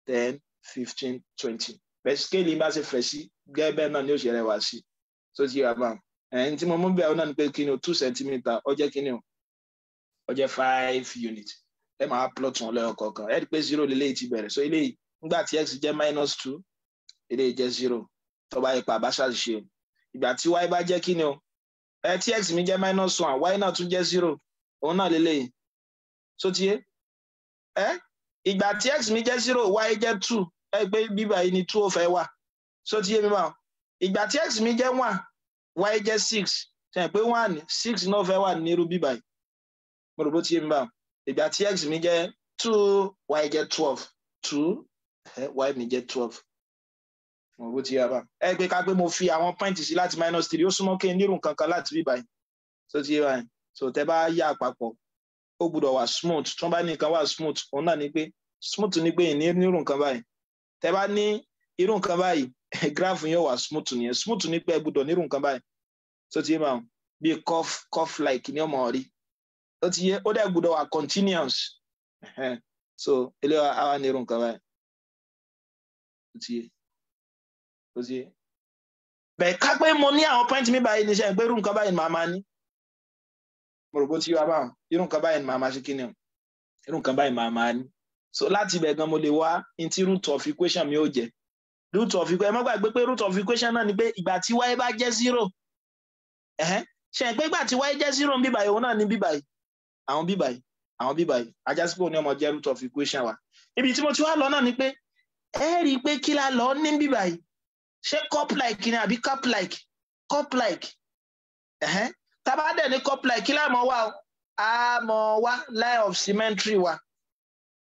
Speaker 1: ten fifteen twenty bẹ̀tẹ̀ scale yìí bá ṣe fẹ̀ sí gẹ́gẹ́ bẹ́ẹ̀ náà ni ó ṣe rẹwà sí tó ti yà bá ẹ̀yìn tí mo mú bẹ́ẹ̀ náà ni pé kí ni o two centimeter ọjọ́ kí ni o ọjọ́ five unit ẹ máa plot wọn lẹ́yọ kọ̀ọ̀kan ẹ rí pé zero lélẹ́yìí ti bẹ̀rẹ̀ so eléyìí nígbà tí x jẹ́ minus two èdè jẹ́ zero tó bá ipa bá ṣàṣìṣe o ìgbà tí y bá jẹ́ kí ni o ẹ tí x mi jẹ́ minus one y náà tún jẹ́ zero òun náà lélẹ́yìn so tiye ẹ ìgbà tí x mi jẹ́ zero y jẹ́ two ẹ pé bíbá yìí ni two ó fẹ́ wà so tiye mi báwọn ìgbà tí x mi jẹ́ one y jẹ́ six ṣe é pé one six náà fẹ́ wà nírú bíbá yìí mo rò bó tiye mi báwọn ìgbà tí x mi jẹ́ two y jẹ́ twelve two Why me get twelve mo bó ti yá bá ẹ pé ká pé mo fi àwọn pint sí láti minus three ó súnmọ́ kí n nírun kankan láti bí báyìí tó ti yé báyìí so tẹ bá yá àpapọ̀ ó gbúdọ̀ wà smooth tí wọ́n bá ní wà smooth òun náà ni pé smooth ni pé ìní nírun kan báyìí tẹ bá ní irú nǹkan báyìí graph yóò wà smooth nìyẹn smooth ni pé ẹ gbúdọ̀ nírun nǹkan báyìí tó ti yé báyìí bí cough cough like ní ọmọ rí tó ti yé ó dẹ̀ gbúdọ̀ wà continuous so eléyà àwa nírun nǹkan báyìí tiẹ̀ ó tiẹ̀ bẹ́ẹ̀ ká pé mo ní àwọn pọ́ìntì mi báyìí níṣẹ́ pé irú nǹkan báyìí ni màá máa ní mo rò bó ti yọ abáwọn irú nǹkan báyìí ni màá máa ṣe kí ni o irú nǹkan báyìí màá máa ní so láti ibẹ̀ gan mo lè wá ní ti root of equation mi ó jẹ́ root of equation ẹ má gbàgbé pé root of equation náà ni pé ìgbà tí y bá jẹ́ zero ṣe é pé ìgbà tí y jẹ́ zero ń bíbáyìí òun náà ní bíbáyìí àwọn bíbáyìí àwọn bíbáyìí ajásípò ni ọmọ jẹ́ root of equation wa ibi tí mo ti wá lọ náà ni pé ẹ rí i pé kí la lọ ní bíbá yìí ṣé cup like ni àbí cup like cup like tábà dẹ̀ ní cup like kí la mọ̀ wá o a mọ̀ wá line of symmetry wa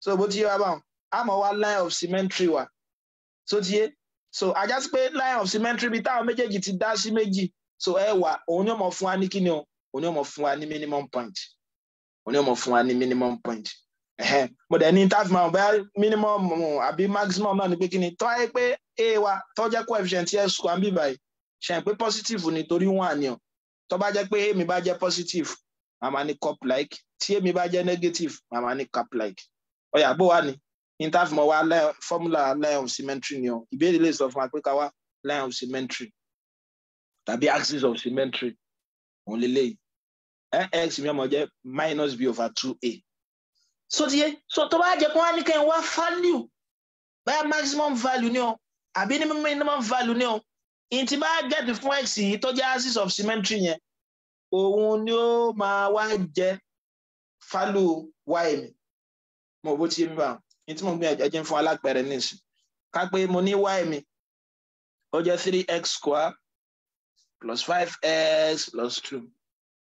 Speaker 1: so bó ti yé wa báwọn a mọ̀ wá line of symmetry wa so ti yé so ajá sí pé line of symmetry bíi táwọn méjèèjì ti dá sí méjì so ẹ wà òun ni ó fún wa ní kíni o òun ni ó mọ̀ fún wa ní minimum point òun ni ó fún wa ní minimum point but dẹ̀ ní táàfin máa bá minimum mm, àbí maximum náà ni pé kí ni tọ́ ẹ pé a wa tọ́ jẹ́ coefficient x square bí báyìí ṣe pé positive ni torí one ni o tọ́ bá jẹ́ pé èmi bá jẹ́ positive màmá ní cup like tí èmi bá jẹ́ negative màmá ní cup like ọ̀yà bó wà ní ní táàfin máa wá formula line of symmetry ni o ìbéèrè lè sọ fún wa pé ká wá line of symmetry tàbí axis of symmetry òun lélẹ́yìí x mi ọmọ jẹ́ minus b over two a sotiye so tó bá jẹ́ kó wá ní kẹ́ ń wá value báyà maximum value ni o àbí ní minimum value ni o n ti bá gẹ̀dì fún x yìí tó jẹ́ axis of symmetry yẹn òun ni ó máa wá jẹ́ value y mi mo bó ti yé bá n tí mo gbé ẹjẹ fún alápẹ̀rẹ̀ nísìn ká pé mo ní y mi ó jẹ́ three x square plus 5 x plus two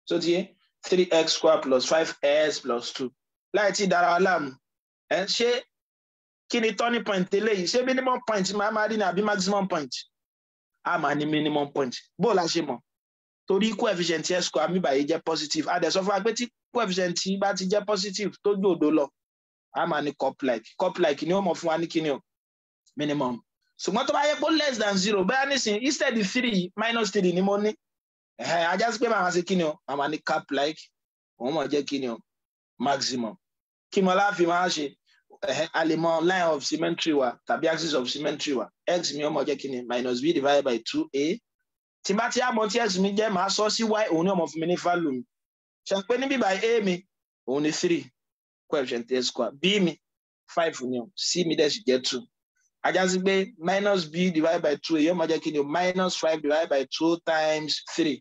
Speaker 1: sotiye 3 x square plus 5 x plus 2 láì tí dára wa láàmú ẹ ṣé kí ni turning point eléyìí ṣé minimum point máa máa rí ni àbí maximum point a máa ní minimum point bó la ṣe mọ̀ torí coefficient x square àmì ìbàyè jẹ́ positive a dẹ̀ sọ fún wa pé tí coefficient bá ti jẹ́ positive tó ju òdo lọ a máa ní cup like cup like ni ó mọ̀ fún wa ní kíni o minimum ṣùgbọ́n tó bá yẹ pé less than zero bẹ́ẹ̀ nísìn instead of three minus three ni mo ní ajá sí pé màmá ṣe kíni o màmá ní cap like òun mọ̀ jẹ́ kíni o maximum kí mo láfi máa ṣe a line of symmetry wa tàbí axis of symmetry wa x mi ó mọ jẹ́ minus b divided by two a tí n bá ti àmọ́ tí x mi jẹ́ màá sọ sí y òun ni ọmọ fún mi ní value mi ṣe pé níbí báyìí a mi òun ni three question three square b mi five ni o c mi dẹ̀ sì jẹ́ two ajásí pé minus b divided by two a yóò mọ jẹ́ kí o minus five divided by two times three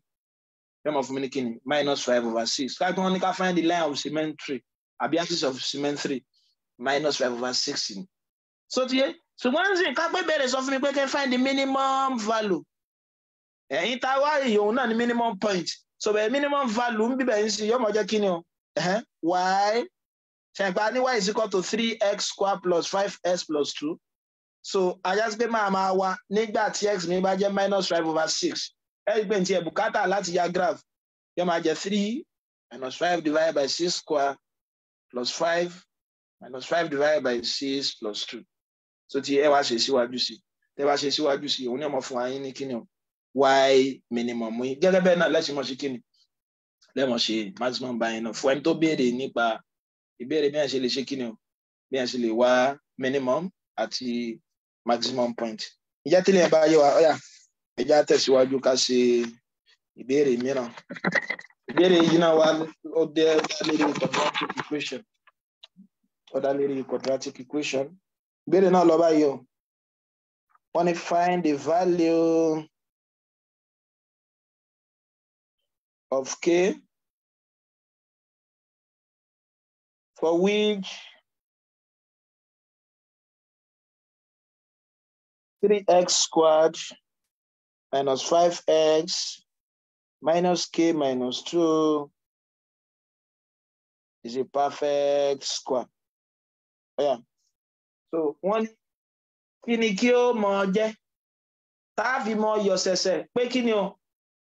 Speaker 1: yẹn mọ̀ fún mi minus five over six ká kí wọ́n ní ká find the line of symmetry àbí axis of symmetry minus five over sixteen. so tiye so one thing, ká pé bẹ̀rẹ̀ sọ me mi pé find the minimum value ẹ̀yin tá a wá ìyòhùn the minimum point so the minimum value ń bíbẹ̀ ń sìn yóò mọ̀ jẹ́ kíni o y ṣẹ̀gbá ní is equal to three x square plus five s plus two so I just be my máa wa. nígbà tí x mi bá jẹ́ minus five over six ẹgbẹ́ ti ẹ̀ bùkátà láti ya graph yóò máa jẹ́ three minus five divided by six square plus five minus five divided by six plus two so ti ẹ wá ṣe síwájú sí tẹ wá ṣe síwájú sí òun ni ọmọ fún wa yín ní kíni o y minimum yín gẹ́gẹ́ bẹ́ẹ̀ náà lẹ́sìn mọ̀ sí kíni lẹ́mọ̀ ṣe maximum báyìí náà fún ẹni tó béèrè nípa ìbéèrè bí wọ́n ṣe lè ṣe kíni o bí wọ́n ṣe lè wá minimum àti maximum point ìjẹ́ tí lè bá yé wa ọ̀yà. Oh yeah. ẹ já tẹ̀síwájú ká ṣe ìbéèrè mìíràn ìbéèrè yìí náà wá ó dé lérí quadratic equation ó dá lérí quadratic equation ìbéèrè náà lọ báyìí o wọ́n ní find the value
Speaker 2: of k for which 3x squared minus
Speaker 1: 5x minus k minus 2 is a perfect square. Yeah. So one ní kí ni kí ó mọ jẹ́ fi mọ yọ ṣẹ̀ṣẹ̀ pé kí ni o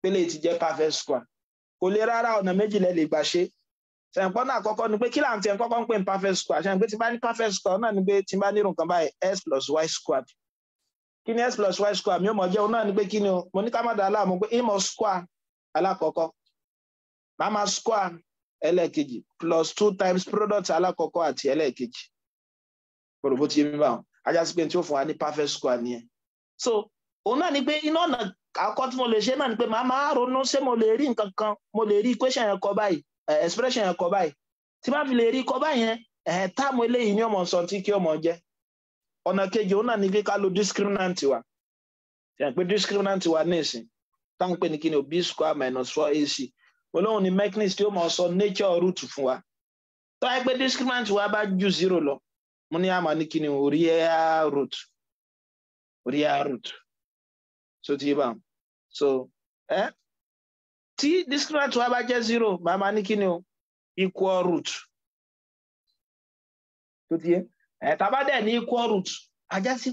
Speaker 1: pélé ti jẹ́ perfect square kò lè rárá ọ̀nà méjìlẹ̀ lè gbà ṣe ṣàǹpọ́n náà àkọ́kọ́ ni pé kí láǹtí ẹ̀ kọ́kọ́ ń pè ní perfect square ṣàǹpẹ́ tí bá ní perfect square na ni pé tí bá nírun kan báyìí x plus y squared Kini S plus y square mi ọ mọ̀ jẹ́ òun náà ni pé kí ni o mo ní ká má dàá láàmú pé e square alákọ̀ọ́kọ́ màá square ẹlẹ́ẹ̀kejì plus two times product Alakọkọ àti Elekeji. gbọdọ̀ bó ti yé mi báwọn ajásí pé tí ó fún wa ní square nìyẹn so òun náà ni pé iná ọ̀nà àkọ́ tí mo lè ṣe náà ni pé màá máa ronú ṣé mo lè rí nǹkan kan mo lè rí equation yẹn kọ bayi expression ya kọ báyìí tí má fi lè rí kọ báyìí yẹn táàmù eléyìí ni ọmọ nsọ tí kí ọmọ jẹ ọ̀nà kejì òun náà ni pé lo discriminant wa yẹn pé discriminant wa nísìn táwọn pè ní kí ni o b square minus four ac olóhùn ni mechanist tí ó mọ̀ sọ nature root fún wa tó yẹ pé discriminant wa bá ju zero lọ mo ní àmọ́ ní kí ni o real root real root so ti bá so ẹ tí discriminant wa bá jẹ́ zero màá máa ní kí ni o equal root tó ti yẹ. ẹ̀ tá a bá ní equal root ajá sí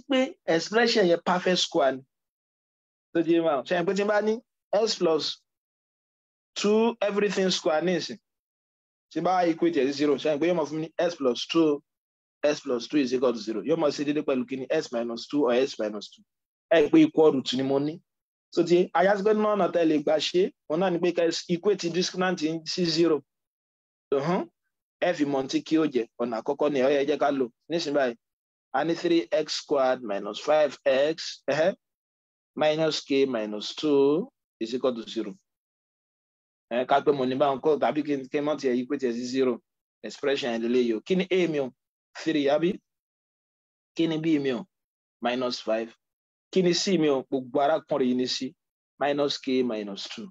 Speaker 1: expression yẹn perfect square ni tó di ma so yẹn pé tí n bá plus two everything square ní ìsìn tí n bá equate ẹ̀ zero So yẹn pé yóò mọ̀ fún mi ní plus two s plus two is equal to zero yóò mọ̀ sí dédé pẹ̀lú kí ni x minus two or s minus two ẹ̀ pé equal root ni mo ni. So di ajá sí pé náà nà tẹ́ lè gbà ṣe òun náà ni pé equate discriminant sí zero. evimont ki oje ona akoko ne oye jega lo nisin bayi ani 3x squared minus 5x eh minus k minus 2 is equal to 0 eh ka pe mo ni ba nko tabi ki ki mo ti equal 0 expression and lay you kini a mi o 3 bi? kini b mi o minus 5 kini c mi o gbogbo ara kun ri ni si minus k minus 2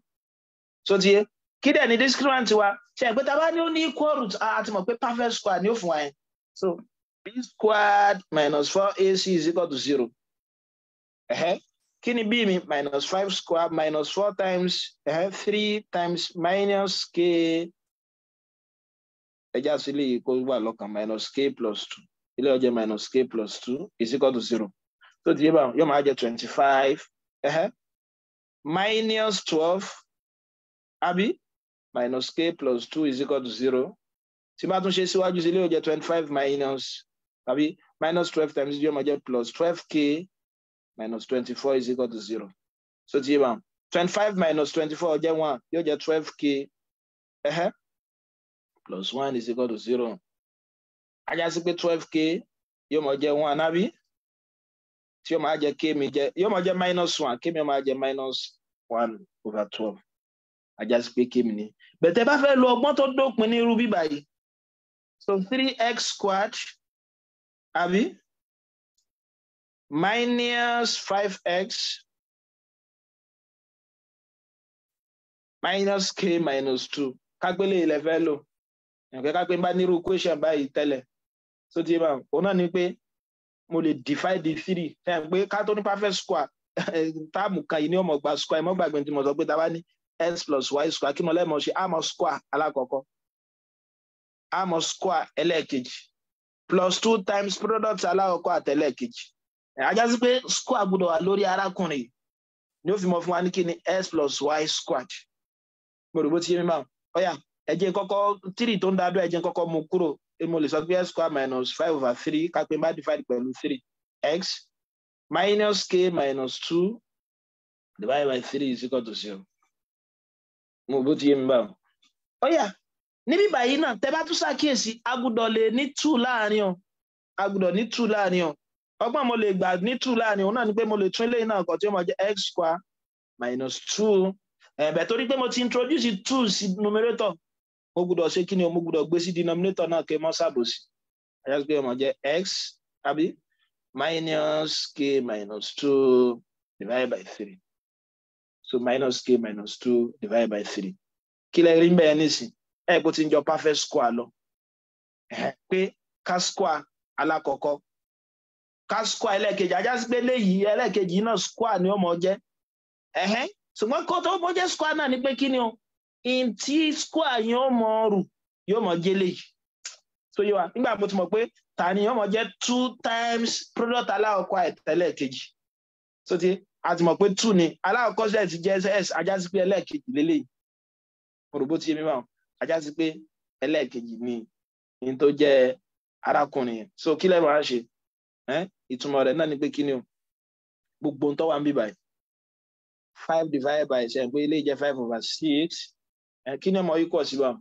Speaker 1: so ti kí dẹ̀ ni discriminant wa ṣe pé tábà ní ó ní equal root a ti mọ̀ pé perfect square ni ó fún wa yẹn so b squared minus four ac is equal to zero kí ni b mi minus five squared minus four times three times minus k ẹja sí ilé yìí kó wà lọ́kàn minus k plus two ilé ọjọ́ minus k plus two is equal to zero tó ti yé bá yóò máa jẹ twenty five minus twelve abi minus k plus two is equal to zero tí bá tún ṣe síwájú sí ilé yóò twenty five minus tàbí minus twelve times yóò máa jẹ plus twelve k minus twenty four is equal to zero so ti yé bá twenty five minus twenty four jẹ one yóò jẹ twelve k ẹhẹ plus one is equal to zero ajá sí pé twelve k yóò máa jẹ one nábì tí yóò máa jẹ k mi jẹ yóò máa jẹ minus one k mi yóò máa jẹ minus one over twelve àjàsí pé kémi ni bẹ̀tẹ̀ bá fẹ́ lo ọgbọ́n tó dópin ní irú bíbá yìí so three x squared àbí minus five x minus k minus two kágbélé ilẹ̀ fẹ́ lò ẹ̀kẹ́ kágbé bá nírú equation báyìí tẹ́lẹ̀ tó ti bá òun náà ni pé mo lè divide the three ẹ̀ pé ká tó ní perfect square táàmù kan yìí ní ọmọ gba square ẹ̀ mọ́ gbàgbé tí mo sọ pé ta bá ní x plus y square kí mo lẹ́mọ̀ ṣe àmọ́ square alákọ̀ọ́kọ́ àmọ́ square ẹlẹ́ẹ̀kejì plus two times product alákọ̀ọ́kọ́ àtẹlẹ́ẹ̀kejì ajásí pé square gbọ́dọ̀ wà lórí arákùnrin ni ó fi mọ fún wa ní kí ni x plus y squared mo rò bó ti yé mi báwọn ọ̀yà ẹ̀jẹ̀ kọ́kọ́ three tó ń dá dúró ẹ̀jẹ̀ kọ́kọ́ mu kúrò mo lè sọ pé x square minus five over three kápẹ́ bá divide pẹ̀lú three x minus k minus two divided by three is equal to zero. mo ti yé mi báwọn. ọ̀yà níbí báyìí náà tẹ́ bá tún ṣàkíyèsí agudọ̀ lè ní tù láàrin o agudọ̀ ní tù láàrin o mo lè gbà ní tù láàrin òun náà ni pé mo lè tún eléyìí náà kàn tí ó x kwa minus two tori torí mo ti introduce two sí numerator mo gbúdọ̀ ṣe kí ni o mo gbúdọ̀ gbé sí denominator náà kí n mọ́ ṣàbòsí ayé pé x àbí minus k minus So minus k minus 2 divided by 3. Kí lẹ rí bẹ́ẹ̀ nísìn? ti ń jọ perfect lọ. Pé ká square alákọ̀ọ́kọ́. Ká square ẹlẹ́ẹ̀kejì. Ajá sí pé léyìí ẹlẹ́ẹ̀kejì náà square ni ó mọ̀ jẹ́. Ṣùgbọ́n kó tó bó jẹ́ square náà ni pé kí o? In square yẹn mọ rù yóò mọ jẹ́ léyìí. mo ti mọ̀ pé ni yóò mọ jẹ́ two times product àìtẹ́lẹ̀ kejì. a ti mọ̀ pé two ni alákọ̀ọ́kọ́ sílẹ̀ ti jẹ́ ss ajá sí pé ẹlẹ́ẹ̀kejì lélẹ́yìí òrùbó ti yé mi báwọn pé ẹlẹ́ẹ̀kejì ni ní tó jẹ́ arákùnrin yẹn so kí lẹ́nu á ṣe ìtumọ̀ rẹ̀ náà ni pé kí ni o gbogbo ń wa ń bí báyìí five divided by ṣe pé ilé jẹ́ five over six kí ni ọmọ yìí kọ̀ sí báwọn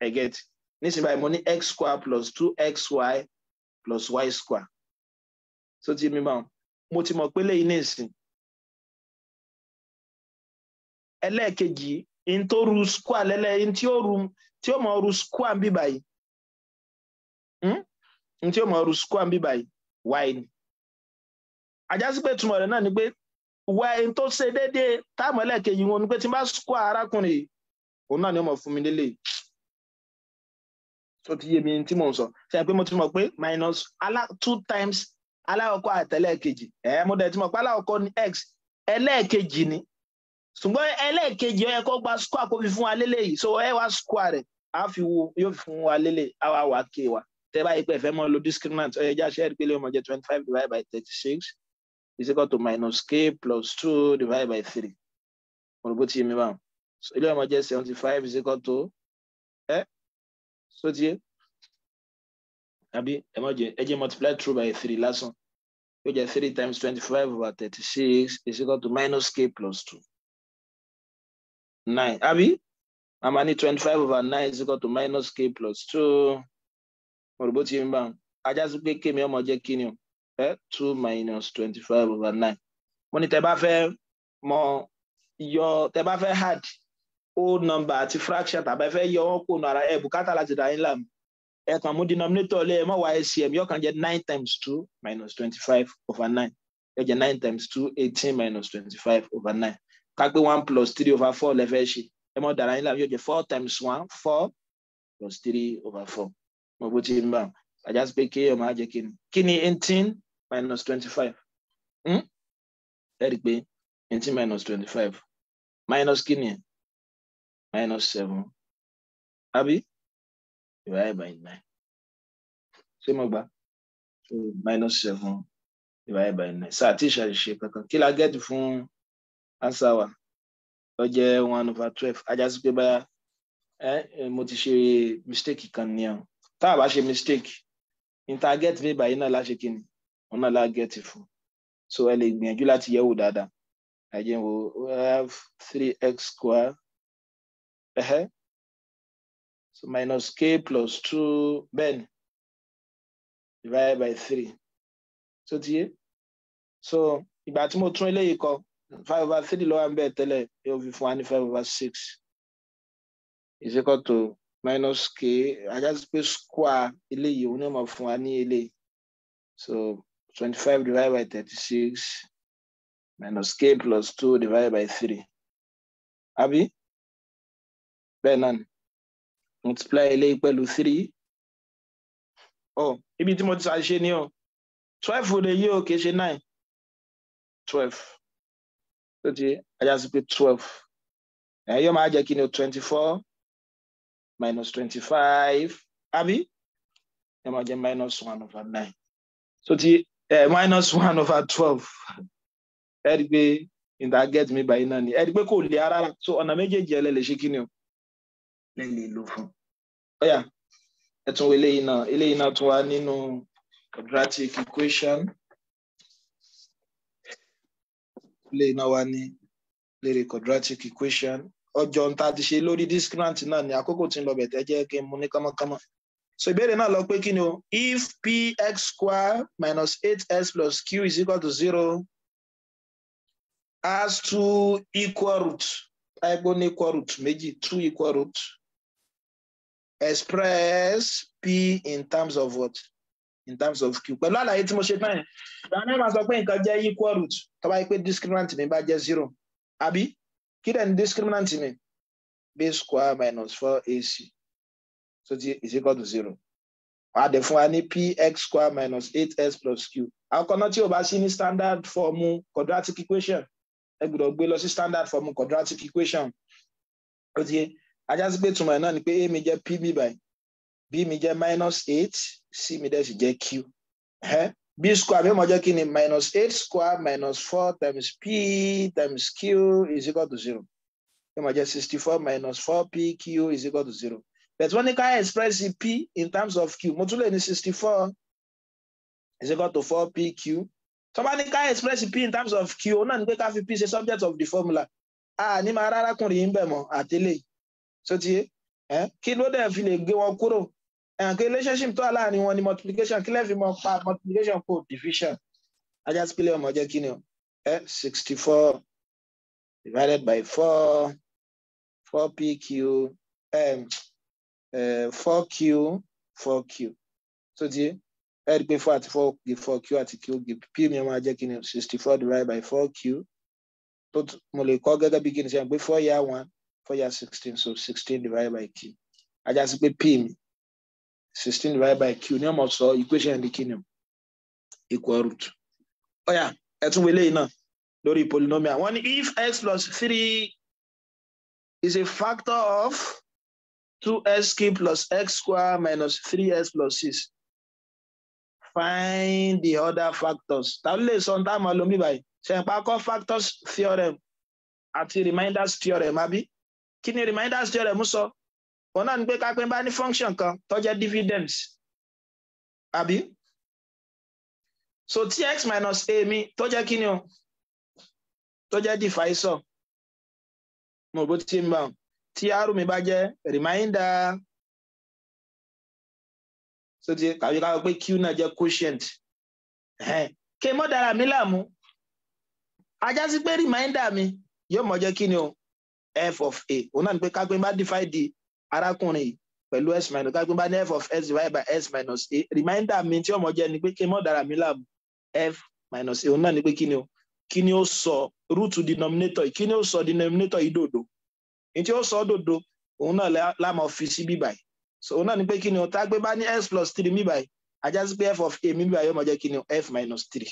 Speaker 1: ẹ get nísìnyí báyìí mo ní x square plus two xy plus y square so ti mi báwọn. mo ti mọ̀ pé lẹ́yìn nísìn ẹlẹ́ẹ̀kejì in tó ru skua lẹ́lẹ́ in tí ó ru tí ó mọ̀ ru skua ń bí báyìí hmm? in tí ó mọ̀ ru skua ń bí báyìí wáyé ni àjásí pé túmọ̀ rẹ̀ náà ni pé wá in ni pé tí n bá mi tó ti yé mi tí mò ń sọ ṣe é pé mo ti mọ̀ pé minus times aláwọ̀kọ́ àtẹlẹ́ẹ̀kejì ẹ̀ mo dẹ̀ ti mọ̀ pé aláwọ̀kọ́ ni x ẹlẹ́ẹ̀kejì ni ṣùgbọ́n ẹlẹ́ẹ̀kejì ó yẹ kó gba square kó fi fún wa léleyìí so ẹ wá square rẹ̀ á fi wo yóò fi fún wa léleyìí á wá wá ké wa tẹ́ báyìí pé ẹ̀fẹ́ mọ́ lo discriminant ó yẹ já ṣe é pé lóyún mọ̀ twenty five divided by thirty six is equal to minus k plus two divided by three mo rò bó ti yé mi báwọn so ilé ọmọ seventy five is equal to ẹ sótìyé Abi ẹ má jẹ ẹ jẹ multiply through by three lásán yóò jẹ three times twenty-five over thirty-six is equal to minus k plus two nine Abi, a máa twenty-five over nine is equal to minus k plus two mo rò bó ti ń bá wọn ajá sí pé kémi ọmọ jẹ kí ni o ẹ two minus twenty-five over nine mo ní tẹ bá fẹ́ mọ yọ tẹ bá fẹ́ hard whole number àti fraction tàbí ẹ fẹ́ yọ wọn kó nu ara ẹ bùkátà láti dà yín láàmú ẹ kàn mú denominator lẹ ẹ mọ wá lcm yóò kàn jẹ nine times two minus twenty-five over nine yóò jẹ nine times two eighteen minus twenty-five over nine ká one plus three over four lẹfẹ ṣe ẹ mọ dàrá nílà yóò jẹ four times one four plus three over four mo bó ti ń bá àjàsí pé kí ọmọ àjẹ kí ni kí ni eighteen minus twenty-five hmm? ẹ rí i pé eighteen minus twenty-five minus kí ni minus seven àbí divided by nine. Ṣé mo gbà? So minus seven divided by nine. Sáà tí ìṣàlẹ̀ ṣe kankan. Kí la gẹ́tì fún answer wa? Ó jẹ́ one over twelve. Ajá sí pé báyà mo ti ṣe mistake kan ní àwọn. Tá a bá ṣe mistake, interget mi báyìí náà láṣẹ kí ni? Òun náà lá gẹ́tì fún. So ẹ lè gbìyànjú láti yẹ̀wò dáadáa. Ẹ jẹ́ wo we have three x square. Uh -huh. So minus k plus two bẹ́ẹ̀ divided by three. So here, So if I mo tún eléyìí kọ five over three lọ́wọ́ bẹ́ẹ̀ tẹ́lẹ̀ yóò fi fún wa ní five over six is equal to minus k I just put square eléyìí òun náà mọ̀ fún wa so twenty five divided by thirty six minus k plus two divided by three àbí bẹ́ẹ̀ náà ni multiply eléyìí pẹ̀lú three ọ ibi tí mo ti ṣàṣe ni ọ twelve ò lè yí o kìí ṣe nine twelve tó ti ajásí pé twelve ẹ̀yọ́ máa jẹ́ kí ni o twenty four minus twenty five àbí ẹ̀ máa jẹ́ minus one over nine tó ti ẹ̀ eh, minus one over twelve ẹ̀ rí i pé interget me by náà ni ẹ̀ rí i pé kò lè ara so ọ̀nà méjèèjì ẹ̀ lè lè ṣe kí ni o lè lè lò fún ọyà ẹtún eléyìí náà eléyìí náà tún wá nínú quadratic equation eléyìí náà wá ní lérí quadratic equation ọjọ́ ń ta ti ṣe lórí discrant náà ní àkókò tí ń lọ bẹ̀tẹ̀ jẹ́ kí n mú ní kánmọ́kánmọ́ so ìbéèrè náà lọ pé kí ni o if px square minus eight x plus q is equal to zero has two equal root táìpó ní equal root méjì two equal root. express p in terms of what in terms of q pẹ̀lú àlàyé tí mo ṣe tán yẹn ìgbà máa sọ pé nǹkan jẹ́ equal root tó bá yẹ pé discriminant mi bá jẹ́ zero àbí kí dẹ̀ ni discriminant mi b square minus four ac so ti is equal to zero a dẹ̀ fún wa ní px square minus eight s plus q àkọ́kọ́ náà tí o bá sí ní standard form quadratic equation ẹ gbọ́dọ̀ gbé lọ sí standard form quadratic equation ó ti yẹ ajásí pé túmọ̀ ẹ̀ náà ni pé a mi jẹ́ p by b mi jẹ́ minus eight c mi dẹ̀ sì jẹ́ q b square mi mọ̀ jẹ́ kí ni minus eight square minus four times p times q is equal to zero mi mọ̀ jẹ́ sixty four minus four p q is equal to zero but wọ́n ní ká express p in terms of q mo tún lè ní sixty four is equal to four p q tó bá ní ká express p in terms of q náà ni pé ká fi p ṣe subject of the formula a ní máa rárá kùnrin yín bẹ̀ mọ́ àtẹ́lẹ̀ sọtí ẹ eh, kí ló dẹ̀ fi lè gé wọn kúrò ẹ̀hàn eh, kí relationship tó wà láàrin wọn ni multiplication kí lẹ́ẹ̀fi mọ pa multiplication kò division ajá sípìlẹ̀ ọmọ jẹ́ kí ni o ẹ eh, sixty four divided by four four pq um, uh, four q four q sọtí ẹ rí i pé four àti four gé four q àti q gé p mi máa jẹ́ kí ni o sixty four divided by four q tó mo lè kọ́ gẹ́gẹ́ bí kí ni sẹ́yìn pé four yá one four yà sixteen so sixteen divided by q I just be p mi sixteen divided by q ní ọmọ sọ equation di kingdom equal root ọ̀yà ẹ̀tún wọlé yìí náà lórí polynomial One if x plus three is a factor of two x cube plus x square minus three x plus six find the other factors ta ló lè sọ ní táwọn ọlọmọ bíbáyìí ṣe ń pa kọ́ factors theorem àti reminders theorem àbí kí ni reminders theorem sọ òun náà ni pé ká pé bá ní function kan tó dividends àbí so tx minus a mi tó jẹ́ kí ni o tó jẹ́ divisor mo bó ti ń bá mi bá jẹ reminder so ti kàwé káwé pé q náà jẹ quotient kí mọ́ dára mi láàmú ajá sí pé reminder mi yóò mọ̀ jẹ́ kí ni o f of a òun náà ni pé kágbé bá divide arákùnrin yìí pẹ̀lú s minus kágbé bá ní f of s divided by s minus a reminder mi tí ọmọ jẹ́ ni pé kí n mi láàmú f minus a òun náà ni pé kí ni o kí ni sọ root denominator yìí kí ni ó sọ denominator yìí dòdò ní tí ó sọ dòdò òun náà láàmú fi sí bíbà yìí so òun náà ni pé kí ni o tágbé bá ní s plus three mi báyìí ajá sí pé f of a mi bíbà yóò mọ̀ jẹ́ kí o f minus three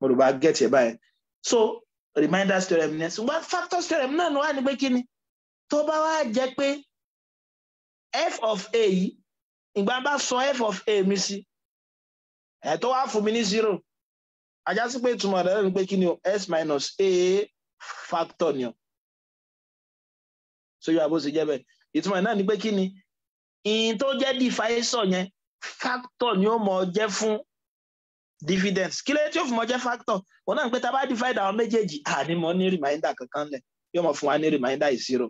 Speaker 1: mo rò bá gẹ̀tì ẹ̀ báyìí so reminders theorem ni ṣùgbọ́n factors theorem náà ni wà ní pé kí ni tó bá wá jẹ́ pé f of a yìí ìgbà bá sọ f of a mi sí ẹ tó wá fún mi ní zero ajá sí pé ìtumọ̀ rẹ̀ ni pé kí ni o s minus a factor ni o sójú àbó ṣe jẹ́ bẹ́ẹ̀ ìtumọ̀ náà ni pé kí ni ìyìn tó jẹ́ divisor yẹn factor ni ó mọ̀ jẹ́ fún dividends kí ló tí ó fi mọ jẹ́ factor òun náà ń pé tá a bá divide àwọn méjèèjì à ní mọ ní reminder kankan lẹ̀ yóò mọ fún wa ní reminder is zero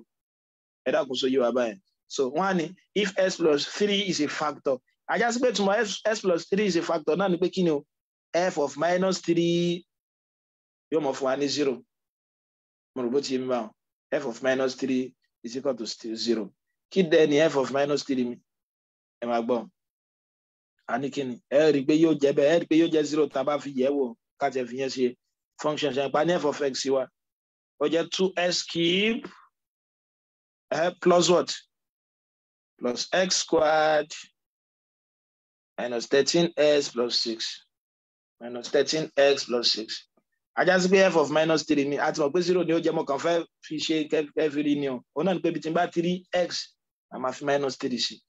Speaker 1: ẹ dákun sóyè wa báyẹn so wọ́n á ní if x plus three is a factor ajá sí pé tùmọ̀ x plus three is a factor náà ni pé kí ni o f of minus three yóò mọ fún wa ní zero mo rò bó ti yé mi báwọn f of minus three is equal to zero kí dẹ́ni f of minus three mi ẹ máa gbọ́n àníkíni ẹ rí i pé yóò jẹ bẹ́ẹ̀ ẹ rí i pé yóò jẹ zero tá a bá fi yẹ̀ wò káàtì ẹ̀ yẹn ṣe function ṣe pa ní f of x wa ó jẹ́ two x cube uh, plus what plus x squared minus thirteen x plus six minus thirteen x plus six ajásí pé f of minus three ni a ti mọ̀ pé zero ni ó jẹ́ mọ̀ kàn fẹ́ fi ṣe kẹfìrí ni o òun náà ni pé bí ti bá three x àmà fi minus three sí i.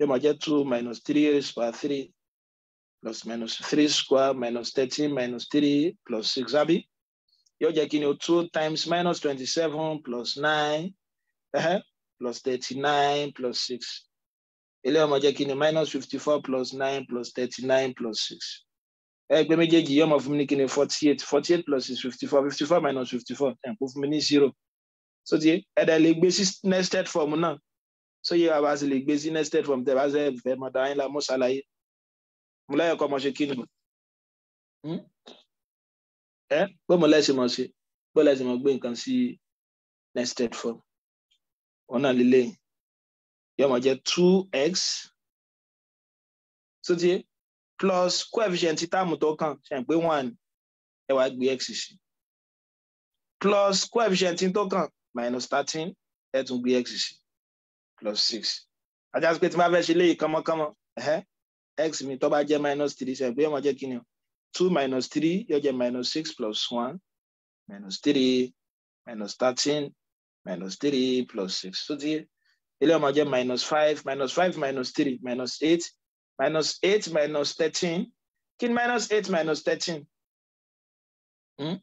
Speaker 1: You máa jẹ́ two minus three raised by three plus minus three square minus thirteen minus three plus six àbí yóò jẹ́ kí ni o two times minus twenty-seven plus nine uh-huh, plus thirty-nine plus six eléyà máa jẹ́ kí ni minus fifty-four plus nine plus thirty-nine plus six ẹgbẹ́ méjèèjì yóò máa ni forty-eight forty plus six fifty-four minus fifty-four ẹ̀ kó fún zero so ti ẹ̀dá lè gbé nested form náà sóyè wa bá sì lè gbé sí nested from tẹ̀ bá sì fẹ́ mọ̀ dáhìn la mọ̀ ṣàlàyé mo lẹ́yìn kọ́ mọ̀ ṣe kí ni ẹ hmm? pé eh? mo lẹ́sìn mọ̀ ṣe pé lẹ́sìn mọ̀ gbé nǹkan sí nested form wọn náà lílé yóò mọ̀ jẹ́ two x So sóti plus coefficient táàmù tó kàn ṣe ń one ẹ wá gbé x sí plus coefficient tó kàn minus thirteen ẹ tún gbé x sí. plus just ajá sí my version. bá come on. léyìí kánmọ́kánmọ́ x Minus two tó bá minus So ṣe pé ọmọ jẹ́ kí ni two minus three yóò get minus six plus one minus three minus thirteen minus three plus So the minus ilé ọmọ jẹ́ minus five minus five minus three minus eight minus eight minus Kin minus eight minus thirteen. Hmm?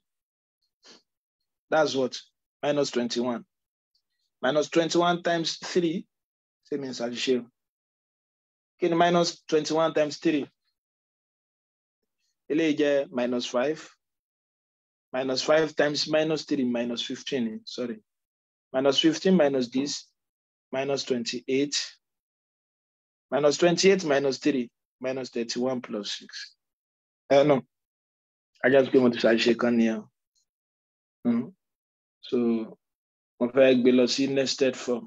Speaker 1: That's what? Minus 21. Minus 21 times 3, same I Alishir. Okay, 21 times 3? Elijah, minus 5. Minus 5 times minus 3, minus 15, sorry. Minus 15 minus this, minus 28. Minus 28 minus 3, minus 31 plus 6. Uh, no, I just came to Alishir Kanya. Mm -hmm. So wọ́n fẹ́ gbé lọ sí nested form.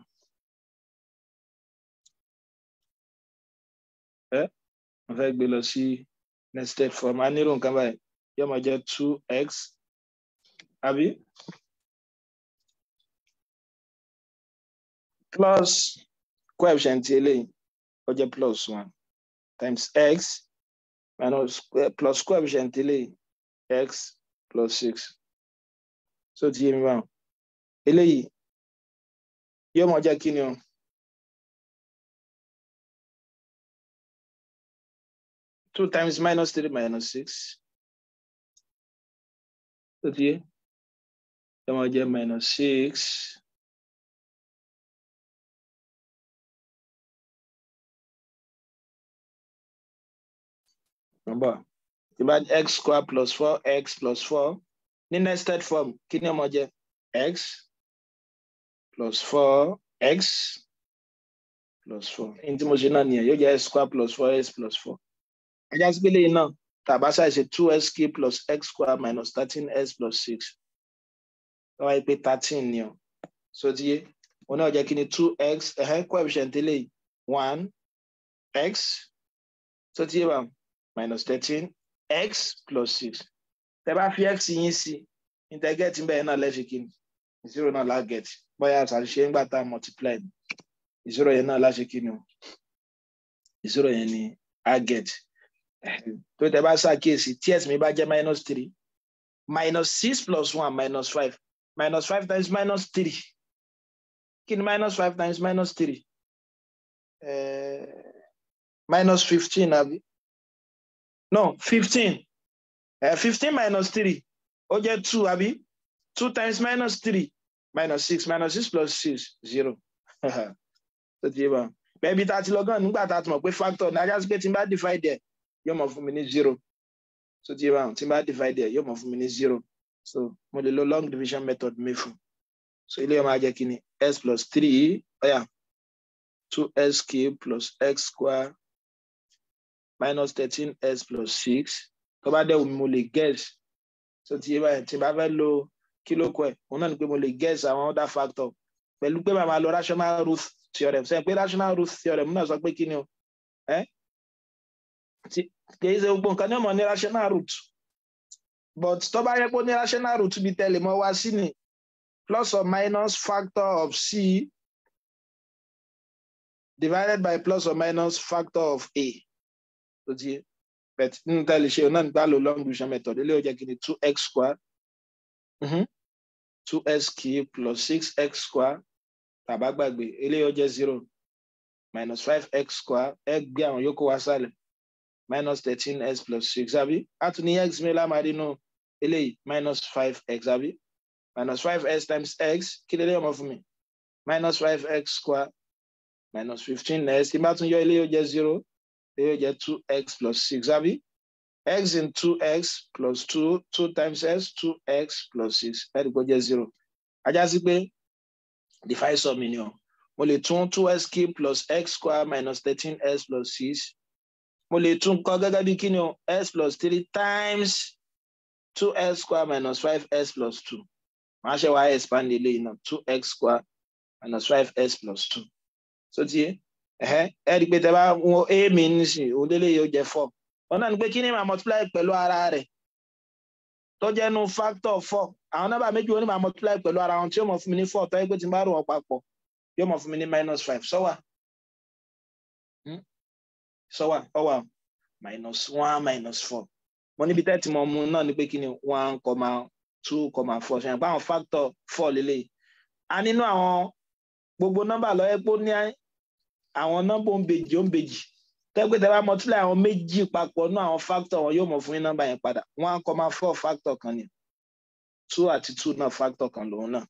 Speaker 2: ẹ wọ́n fẹ́ gbé lọ sí
Speaker 1: nested form a nílò nǹkan báyìí yóò máa jẹ́ two x àbí plus coefficient eléyìí ó jẹ́ plus one times x minus eh, plus coefficient eléyìí x plus six so ti yé mi báwọn eléyìí yóò máa jẹ́ kí ni o
Speaker 2: two times minus three minus six tó ti yé yóò máa jẹ́ minus six.
Speaker 1: Remember, divide x square plus four x plus four ní nested form kí ni ó máa jẹ́ x plus four x plus four ní tí mo ṣe náà nìyẹn yóò jẹ́ x square plus four x plus four ajá sí pélé yìí náà tàbá ṣáà ṣe two x k plus x square minus thirteen x plus six wọ́n wáyé pé thirteen ni o so ti yé wọn náà jẹ́ kí ni two x ẹ̀hẹ́ coefficient eléyìí one x so ti yé wa minus thirteen x plus six tẹ bá fi x yín sí integrate bẹ́ẹ̀ náà lẹ́sìn kí ni zero náà lágẹ̀tì bóyá àṣàṣe ń gbà tá a multiply ìṣòro yẹn náà láṣẹ kí ni o ìṣòro yẹn ni a get tó tẹ bá ṣàkíyèsí tí x mi bá jẹ́ minus three minus six plus one minus five minus five times minus three kí ni minus five times minus three minus fifteen àbí no fifteen fifteen minus three ó jẹ́ two àbí two times minus three minus six minus six plus six zero tó ti yé bá bẹ́ẹ̀ bí tá a ti lọ gan nígbà tá a mọ̀ pé factor ní ajásí pé tí n bá divide ẹ̀ yóò mọ̀ fún mi ní zero tó ti yé bá tí n bá divide ẹ̀ yóò mọ̀ fún mi ní zero so mo lè lo long division method mi fún so ilé yẹn máa jẹ́ kí ni S plus three ọ̀yà two s cube plus x square minus thirteen s plus six tó bá dẹ̀ wù mí mo lè guess tó ti yé bá tí n bá fẹ́ lo kí ló kọ ẹ̀ òun náà ni pé mo lè guess àwọn other factor pẹ̀lú pé màmá lọ rational root theorem sẹ́yìn pé rational root theorem náà sọ pé kí ni o ẹ́ kì í ṣe gbogbo nǹkan ní ọmọ ní rational root but tó bá yẹ pé ó ní rational root bí tẹ̀lé mọ́ wá sí ni plus or minus factor of c divided by plus or minus factor of a tó ti bẹ̀t nínú tá a lè ṣe náà nígbà lò long division method ilé ó jẹ́ kí ni two x square. Mm-hmm. 2s cube plus 6 x square tàbá gbàgbé eléyìí ó jẹ́ zero minus 5 x square X gbé àwọn yòókù wá sálẹ̀ minus 13 x plus 6 àbí àtún ní x mi lámàá nínú eléyìí minus 5 x àbí minus 5 x times x kí lè léyìn ọmọ fún mi minus 5 x square minus 15 x tí bá tún yọ eléyìí ó jẹ́ zero eléyìí ó 2 x plus 6 àbí x in 2 x plus 2, 2 times x 2 x plus 6. ẹ̀rí kó jẹ́ zero ajá sí pé divide some in o mo 2 tún two x cube plus x square minus 13 x plus 6. mo 2 tún kọ́ gẹ́gẹ́ bí kí ni o x plus three times 2 x square minus 5s plus two màá ṣe wá expand eléyìí náà two x square minus five x plus two so tiye eh? Eh? rí i pé tẹ bá wo a mi nísìnyí òun lélẹ́yìí ó jẹ four wọn náà ní pé kí ni màá multiply pẹ̀lú ara rẹ̀ tó jẹ́ nu factor four àwọn nọ́mbà méjì wọn ni màá multiply pẹ̀lú ara wọn tí yóò mọ̀ fún mi ní four tó yẹ pé tí n bá rò wọn papọ̀ yóò mọ̀ fún mi ní minus five sọ́wà sọ́wà hmm? ọ̀wà minus one minus four mo níbi tẹ́tí mo mu náà ni pé kí ni one comma two comma four ṣe yẹn pé factor four lélẹ̀ a nínú àwọn gbogbo nọ́mbà ló yẹ pé ó ní àwọn nọ́mbà òǹbejì òǹbejì tẹ́gbẹ́ tẹ́ bá multiply àwọn méjì papọ̀ náà àwọn factor wọn yóò mọ̀ fún nọ́mbà yẹn padà one comma four factor kan ni two àti two náà factor kan lòun náà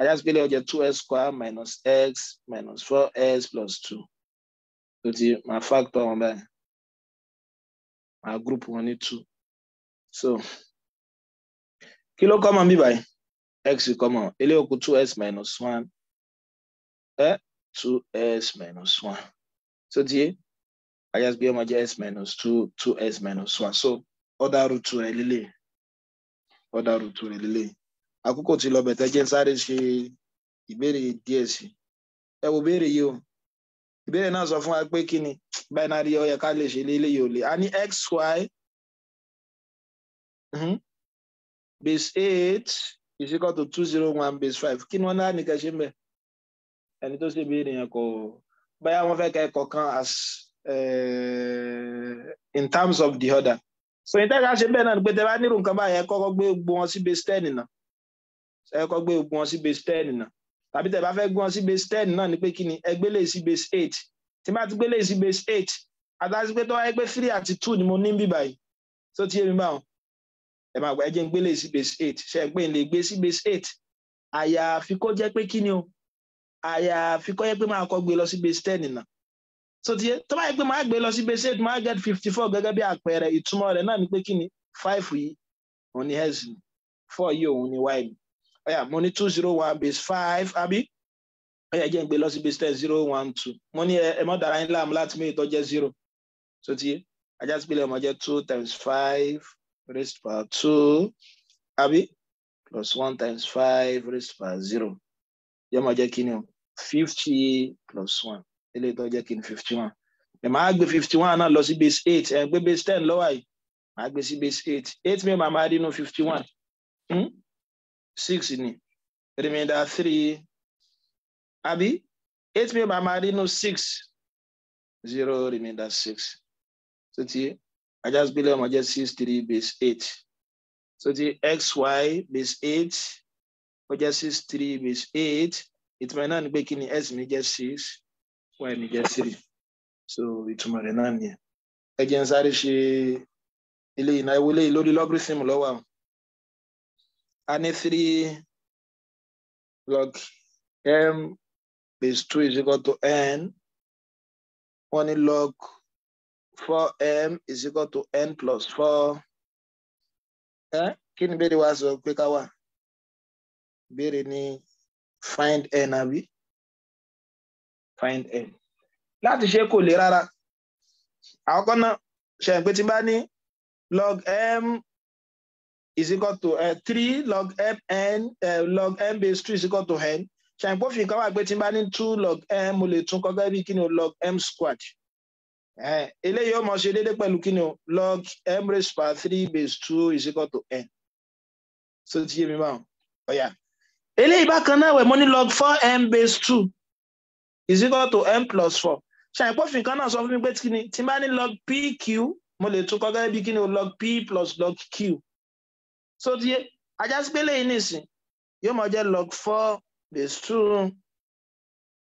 Speaker 1: ajáspẹ́lẹ̀ ọjọ́ two x square minus x minus four x plus two tó ti máa factor wọn báyìí máa group wọn ní two so kí ló common bí báyìí x common eléyìí ó kù two x minus one ẹ eh? two x minus one tó ti yé. I just be my s minus two two s minus one. So order root two elele. Order root two elele. Àkókò tí lọ bẹ̀tẹ̀ jẹ́ sáré o. binary ó yẹ ká lè ṣe hmm base eight is equal to two zero one base five. Kí ni wọ́n náà mbe eni to si Ẹni tó ṣe béèrè baya kò as Eh, in terms of the other, so in tẹ́ka ṣe bẹ́ẹ̀ náà ni pé tẹ́ bá nírú nǹkan báyìí ẹ kọ́kọ́ gbé gbó sí base ten náà ẹ kọ́kọ́ gbé gbó sí base ten náà tàbí tẹ́ bá fẹ́ gbó sí base ten náà ni pé kí ni ẹ gbélé sí base eight tí bá ti gbélé sí base eight àtàsí pé tó wáyé pé three àti two ni mo ní bí báyìí tó ti yé mi báwọn ẹ máa gbà ẹ jẹ́ ń gbélé sí base eight ṣe é pé n lè gbé sí base eight àyàfi kó jẹ́ pé kí ni o àyàfi kó jẹ́ pé máa kọ́ gbé lọ sí base ten náà so tiye tó bá yẹ pé máa gbé lọ sí bẹsẹ máa get fifty four gẹ́gẹ́ bí àpẹẹrẹ ìtumọ̀ rẹ̀ náà ni pé kí ni five yìí òun ni x ni four yìí òun ni y ni ọyà mo ní two zero one base five àbí ọyà jẹ́ ń gbé lọ sí base ten zero one two mo ní ẹ mọ́ dára yín láàmú láti mú ìtọ́jẹ́ zero so tiye ajá sí pílẹ̀ ọmọ jẹ́ two times five raised by two àbí plus one times five raised by zero yọmọ jẹ́ kí ni o fifty plus one eléyìí tó jẹ́ kí ni fifty one ẹ̀ máa gbé fifty one náà lọ sí base eight ẹ̀ gbé base ten lọ́wọ́ yìí máa gbé sí base eight eight mi máa máa dínú fifty one hmm? six ni remainder three àbí eight mi máa máa dínú six zero remainder six tó ti believe ọmọ jẹ́ six three base eight tó ti xy base eight ó jẹ́ six three base eight ìtumọ̀ náà ni pé kí ni S mi jẹ́ six wáyé mi jẹ́ so ìtumọ̀ rẹ̀ náà nìyẹn ẹ jẹ́ ń sáré ṣe ilé ìnáwó ìwé ilé lórí logarithm lọ́wọ́ àwọn a ní three log m base two is equal to n wọ́n ní log four m is equal to n plus four ẹ kí ni béèrè wa sọ pé ká wà béèrè ni find n àbí find n láti ṣe kò le rárá àkọ́kọ́ náà ṣe pé tí bá ní log m is equal to uh, three log m n uh, log m base three is equal to n ṣe pé òfin kan wà pé tí bá ní two log m mo lè tún kọ gẹ́gẹ́ bí kí ni o log m squared eh, eléyìí ó mọ ṣe déédéé pẹ̀lú kí ni o log m raised by three base two is equal to n so ti yé mi báwọn ọ̀yà eléyìí bákan náà wẹ̀ mo ní log four m base two is equal to n plus four ṣàyìn pọ́fin kan náà sọ fún mi pé tí n bá ní log p q mo lè tún kọ gẹ́gẹ́ bí kí ni o log p plus log q so tí ajáspélé yìí nìsín yóò máa jẹ́ log four base two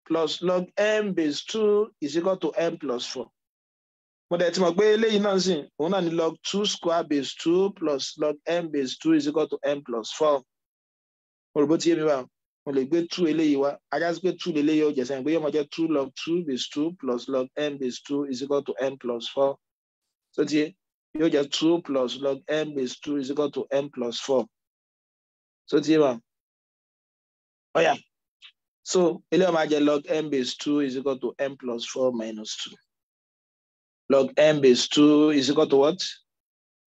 Speaker 1: plus log n base two is equal to n plus four mo dẹ̀ ti mọ̀ pé eléyìí náà sìn òun náà ni log two square base two plus log n base two is equal to n plus four mo rò bó ti yé mi báyìí mo lè gbé two eléyìí wá ajá sí pé two lélẹ́yìí ó jẹ́ sẹ́yìn pé yóò máa jẹ́ two log two base two plus log n base two is equal to n plus four tó ti yóò jẹ́ two plus log n base two is equal to n plus four tó ti wà ọ̀yà so eléyìí ó máa log n base two is equal to n plus four minus two log n base two is equal to what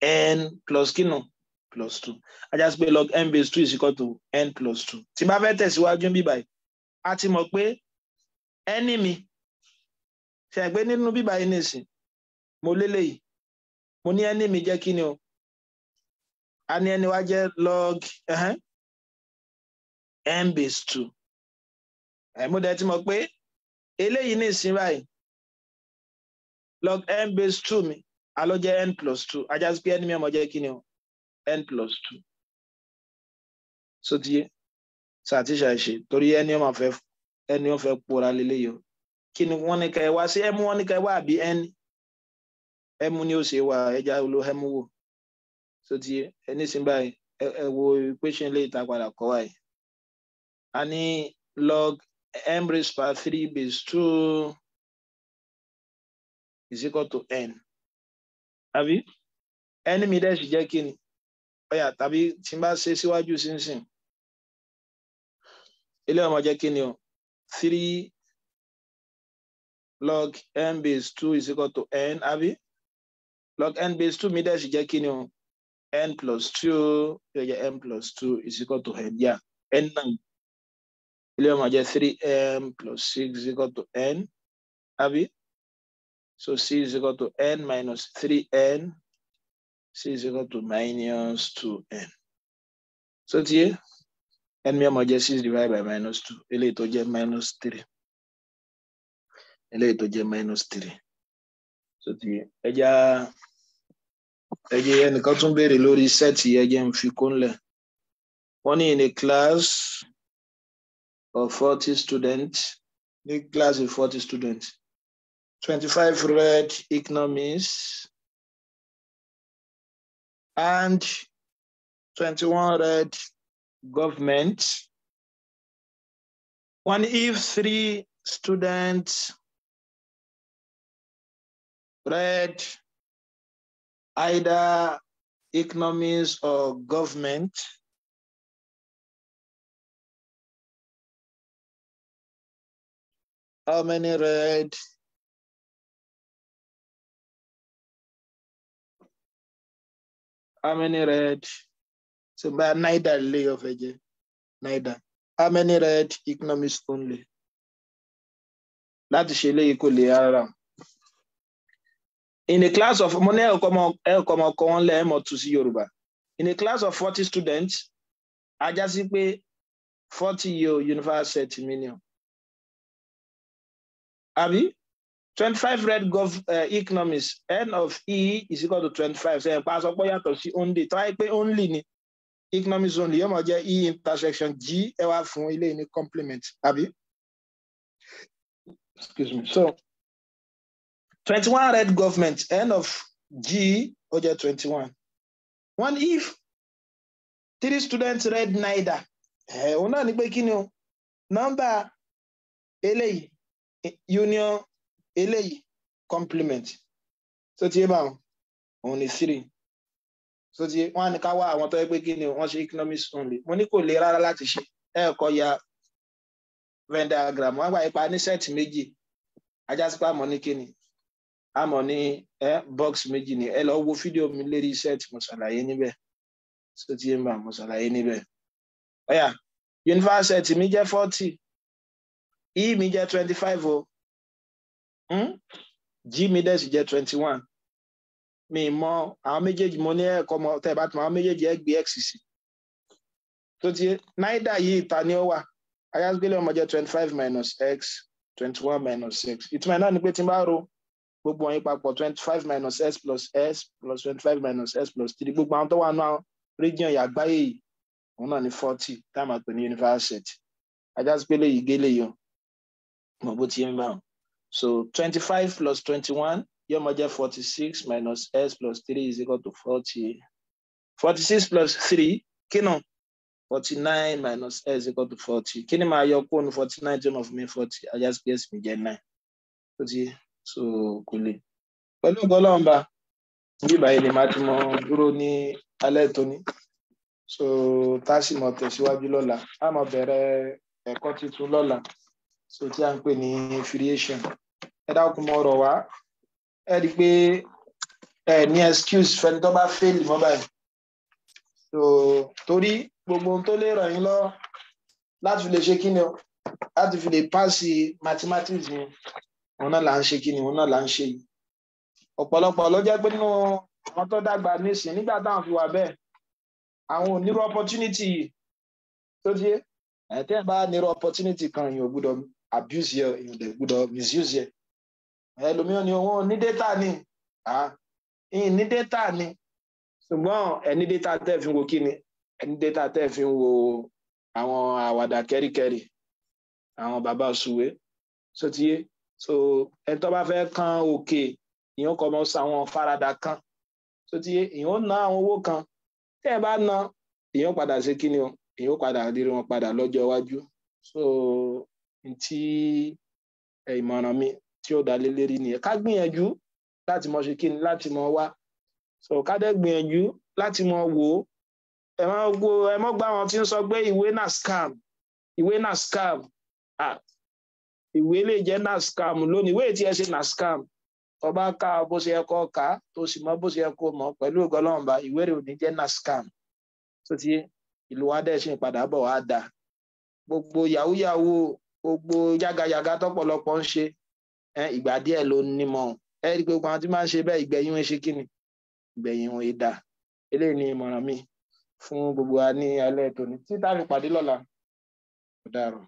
Speaker 1: n plus kinu plus two I just pé log n base two is equal to n plus two tí bá fẹ́ tẹ̀síwájú bí báyìí a enemy. mọ̀ pé ẹni mi ṣe àgbé nínú bí báyìí nìsín mo lélẹ́yìí mo log n base two ẹ̀ mo dẹ̀ ti mọ̀ pé eléyìí log n base two mi a ló n plus two I just pé ẹni mi ọmọ n plus two sotie sàtìṣà ṣe torí ẹni ọmọ fẹ́ ẹni ọfẹ pòórá lélẹ yìí o kí ni wọ́n ní ká ẹ wá sí ẹmu wọ́n ní ká ẹ wá àbí ẹni ẹmu ni ó ṣe wà ẹja ló ẹmu wò sotie ẹni sìn báyìí ẹ wo equation lè ta padà kọ wáyìí a ní log m raised by three base two is equal to n àbí ẹni mi dẹ́ sì jẹ́ kí ni ọyà tàbí tí n bá ṣe síwájú sínsìn ilé ọmọ jẹ́ kí ni o three log n base two is equal to n Abi log n base two mi dẹ̀ sì jẹ́ kí ni o n plus two yóò jẹ́ n plus two is equal to n yà n náà ilé ọmọ jẹ́ three m plus six is equal to n Abi so c is equal to n minus three n c is equal to minus 2n. So here n mi ọmọ jẹ́ 6 divided by minus 2, eléyìí tó jẹ́ minus 3. Eléyìí tó jẹ́ minus 3. So here, ẹja ẹjẹ ẹnìkan tún béèrè lórí sẹ́ẹ̀tì ẹjẹ ń fi kúnlẹ̀. Wọ́n ní in a class of forty students ní kíláàsì forty students twenty-five read economics
Speaker 2: and twenty one red government. One if three students read either economics or government, how many read How many read? So by neither lay of age.
Speaker 1: Neither. How many read economics only? That is léyìí kò lè In a class of mo ní ẹ̀kọ́ ọmọ ọkọ wọn lẹ́ẹ̀mọ̀ tù sí Yorùbá. In a class of forty students, ajá sí pé forty year university minimum. Àbí? 25 red gov uh, economics n of e is equal to 25 ṣe ẹ̀pá sọ pé yàtọ̀ sí only try pé only ni economies only yóò mọ̀ jẹ́ e intersection g ẹ wá fún ilé ní complement àbí. excuse me so 21 red government n of g ó jẹ́ 21. one if three students read neither ẹ̀ eh, òun náà ni pé kí ni o nọ́mbà eléyìí union eléyìí compliment. tó ti yé báwọn òun ni three tó ti yé wọn á ní ká wá àwọn tó yẹ pé kí ni wọn ṣe economics only mo ní kò le rárá láti ṣe ẹ kọ ya Venn diagram wọn gbà ipa ní set méjì ajásípà mọ ní kíni àmọ́ ní ẹ box méjì ni ẹ lọ wo fídíò mi lérí set mo ṣàlàyé níbẹ̀ tó ti yé báwọn mo ṣàlàyé níbẹ̀ ọyà universal set mi jẹ́ forty e mi jẹ́ twenty five o. Gmides hmm? jẹ́ twenty one mi mọ àwọn méjèèjì mo ní ẹ̀kọ́ mọ tẹ́ ẹ bá tún àwọn méjèèjì ẹ̀ gbé x sí tó ti náírà yìí ta ni ó wà ayásgbélé ọmọ jẹ́ twenty five minus x twenty one minus six ìtumọ̀ náà ni pé tí n bá ro gbogbo ọ̀yin papọ̀ twenty five minus s plus s plus twenty five minus s plus three gbogbo àwọn tó wà náà rédíò yìí àgbáyé yìí òun náà ni forty táwọn àpè ní universal set ajásgbélé yìí gélé yìí mọ̀ bó ti ń bá wọn. So 25 plus 21, your major 46 minus S plus 3 is equal to 40. 46 plus 3, kino 49 minus S equal to 40. Kini ma yo kúrò ní 49 tí of me mi 40, ajá sí PS mi jẹ́ 9. Ó so kuli. le. Pẹ̀lú ọgọ́lọ́mba, ba ìbàyẹ̀ lè máa ti mọ dúró So tasi a sì mọ tẹ̀síwájú lọ́la. A mọ bẹ̀rẹ̀ ẹ̀kọ́ tuntun lọ́la. So tí a ń pè ní ẹ dákun mọ ọ̀rọ̀ wá ẹ rí pé ẹ ní excuse fẹni tó bá fail mọ́ báyìí so torí gbogbo ohun tó lè ràn yín lọ láti fi lè ṣe kí ni o láti fi lè paasi mathematics mi òun náà là ń ṣe kí òun náà là ń ṣe yìí ọ̀pọ̀lọpọ̀ ló jẹ́ pé nínú àwọn tó dàgbà nísìn nígbà táwọn fi wà bẹ́ẹ̀ àwọn ò nírú opportunity yìí tó di ẹ̀ tẹ́ ẹ̀ bá nírú opportunity kan èèyàn ò gbúdọ̀ abuse yẹ èèyàn ò gbúdọ̀ misuse yẹ ẹlòmíràn ni wọn ní data ni ní data ni ṣùgbọ́n ẹni data tẹ́ fi wo kí ni ẹni data tẹ́ fi wo àwọn àwàdà kẹ́ríkẹ́rí àwọn bàbá ṣùwé sotiye so ẹni tó bá fẹ́ kan òkè ìyẹn kọ́ mọ́ sọ àwọn farada kan sotiye ìyẹn ná àwọn owó kan tẹ́ ẹ bá ná ìyẹn padà ṣe kí ni o ìyẹn padà rírí wọn padà lọ́jọ́ iwájú so ntí ìmọ̀ràn mi tí ó dá lé lérí nìyẹn ká gbìyànjú láti mọ ṣe kíni láti mọ wá so ká dẹ̀ gbìyànjú láti mọ wò ó ẹ má gbọ́ ẹ má gbọ́ àwọn tí ń sọ pé ìwé náà scam ìwé náà scam ìwé lè jẹ́ náà scam lónìí ìwé tí ẹ ṣe náà scam ọba ká bó ṣe yẹ kó ká tó sì mọ bó ṣe yẹ kó mọ pẹ̀lú ògbọlọmọba ìwé rẹ̀ ò ní jẹ́ náà scam tó ti ìlú wa dẹ̀ ṣe ìpadà bọ̀ wá dáa gbogbo yahoo yahoo gbogbo yàgàyàgà tọ́pọ̀lọpọ̀ ń ṣe ìgbà díẹ̀ ló ní mọ́ ẹ rí i pé gbogbo tí máa ń ṣe bẹ́ẹ̀ ìgbẹ̀yìn wọn kí ni ìgbẹ̀yìn wọn dà eléyìí ni ìmọ̀ràn mi fún gbogbo wa ní alẹ́ tòní títà lè pàdé
Speaker 2: lọ́la ọ̀daràn.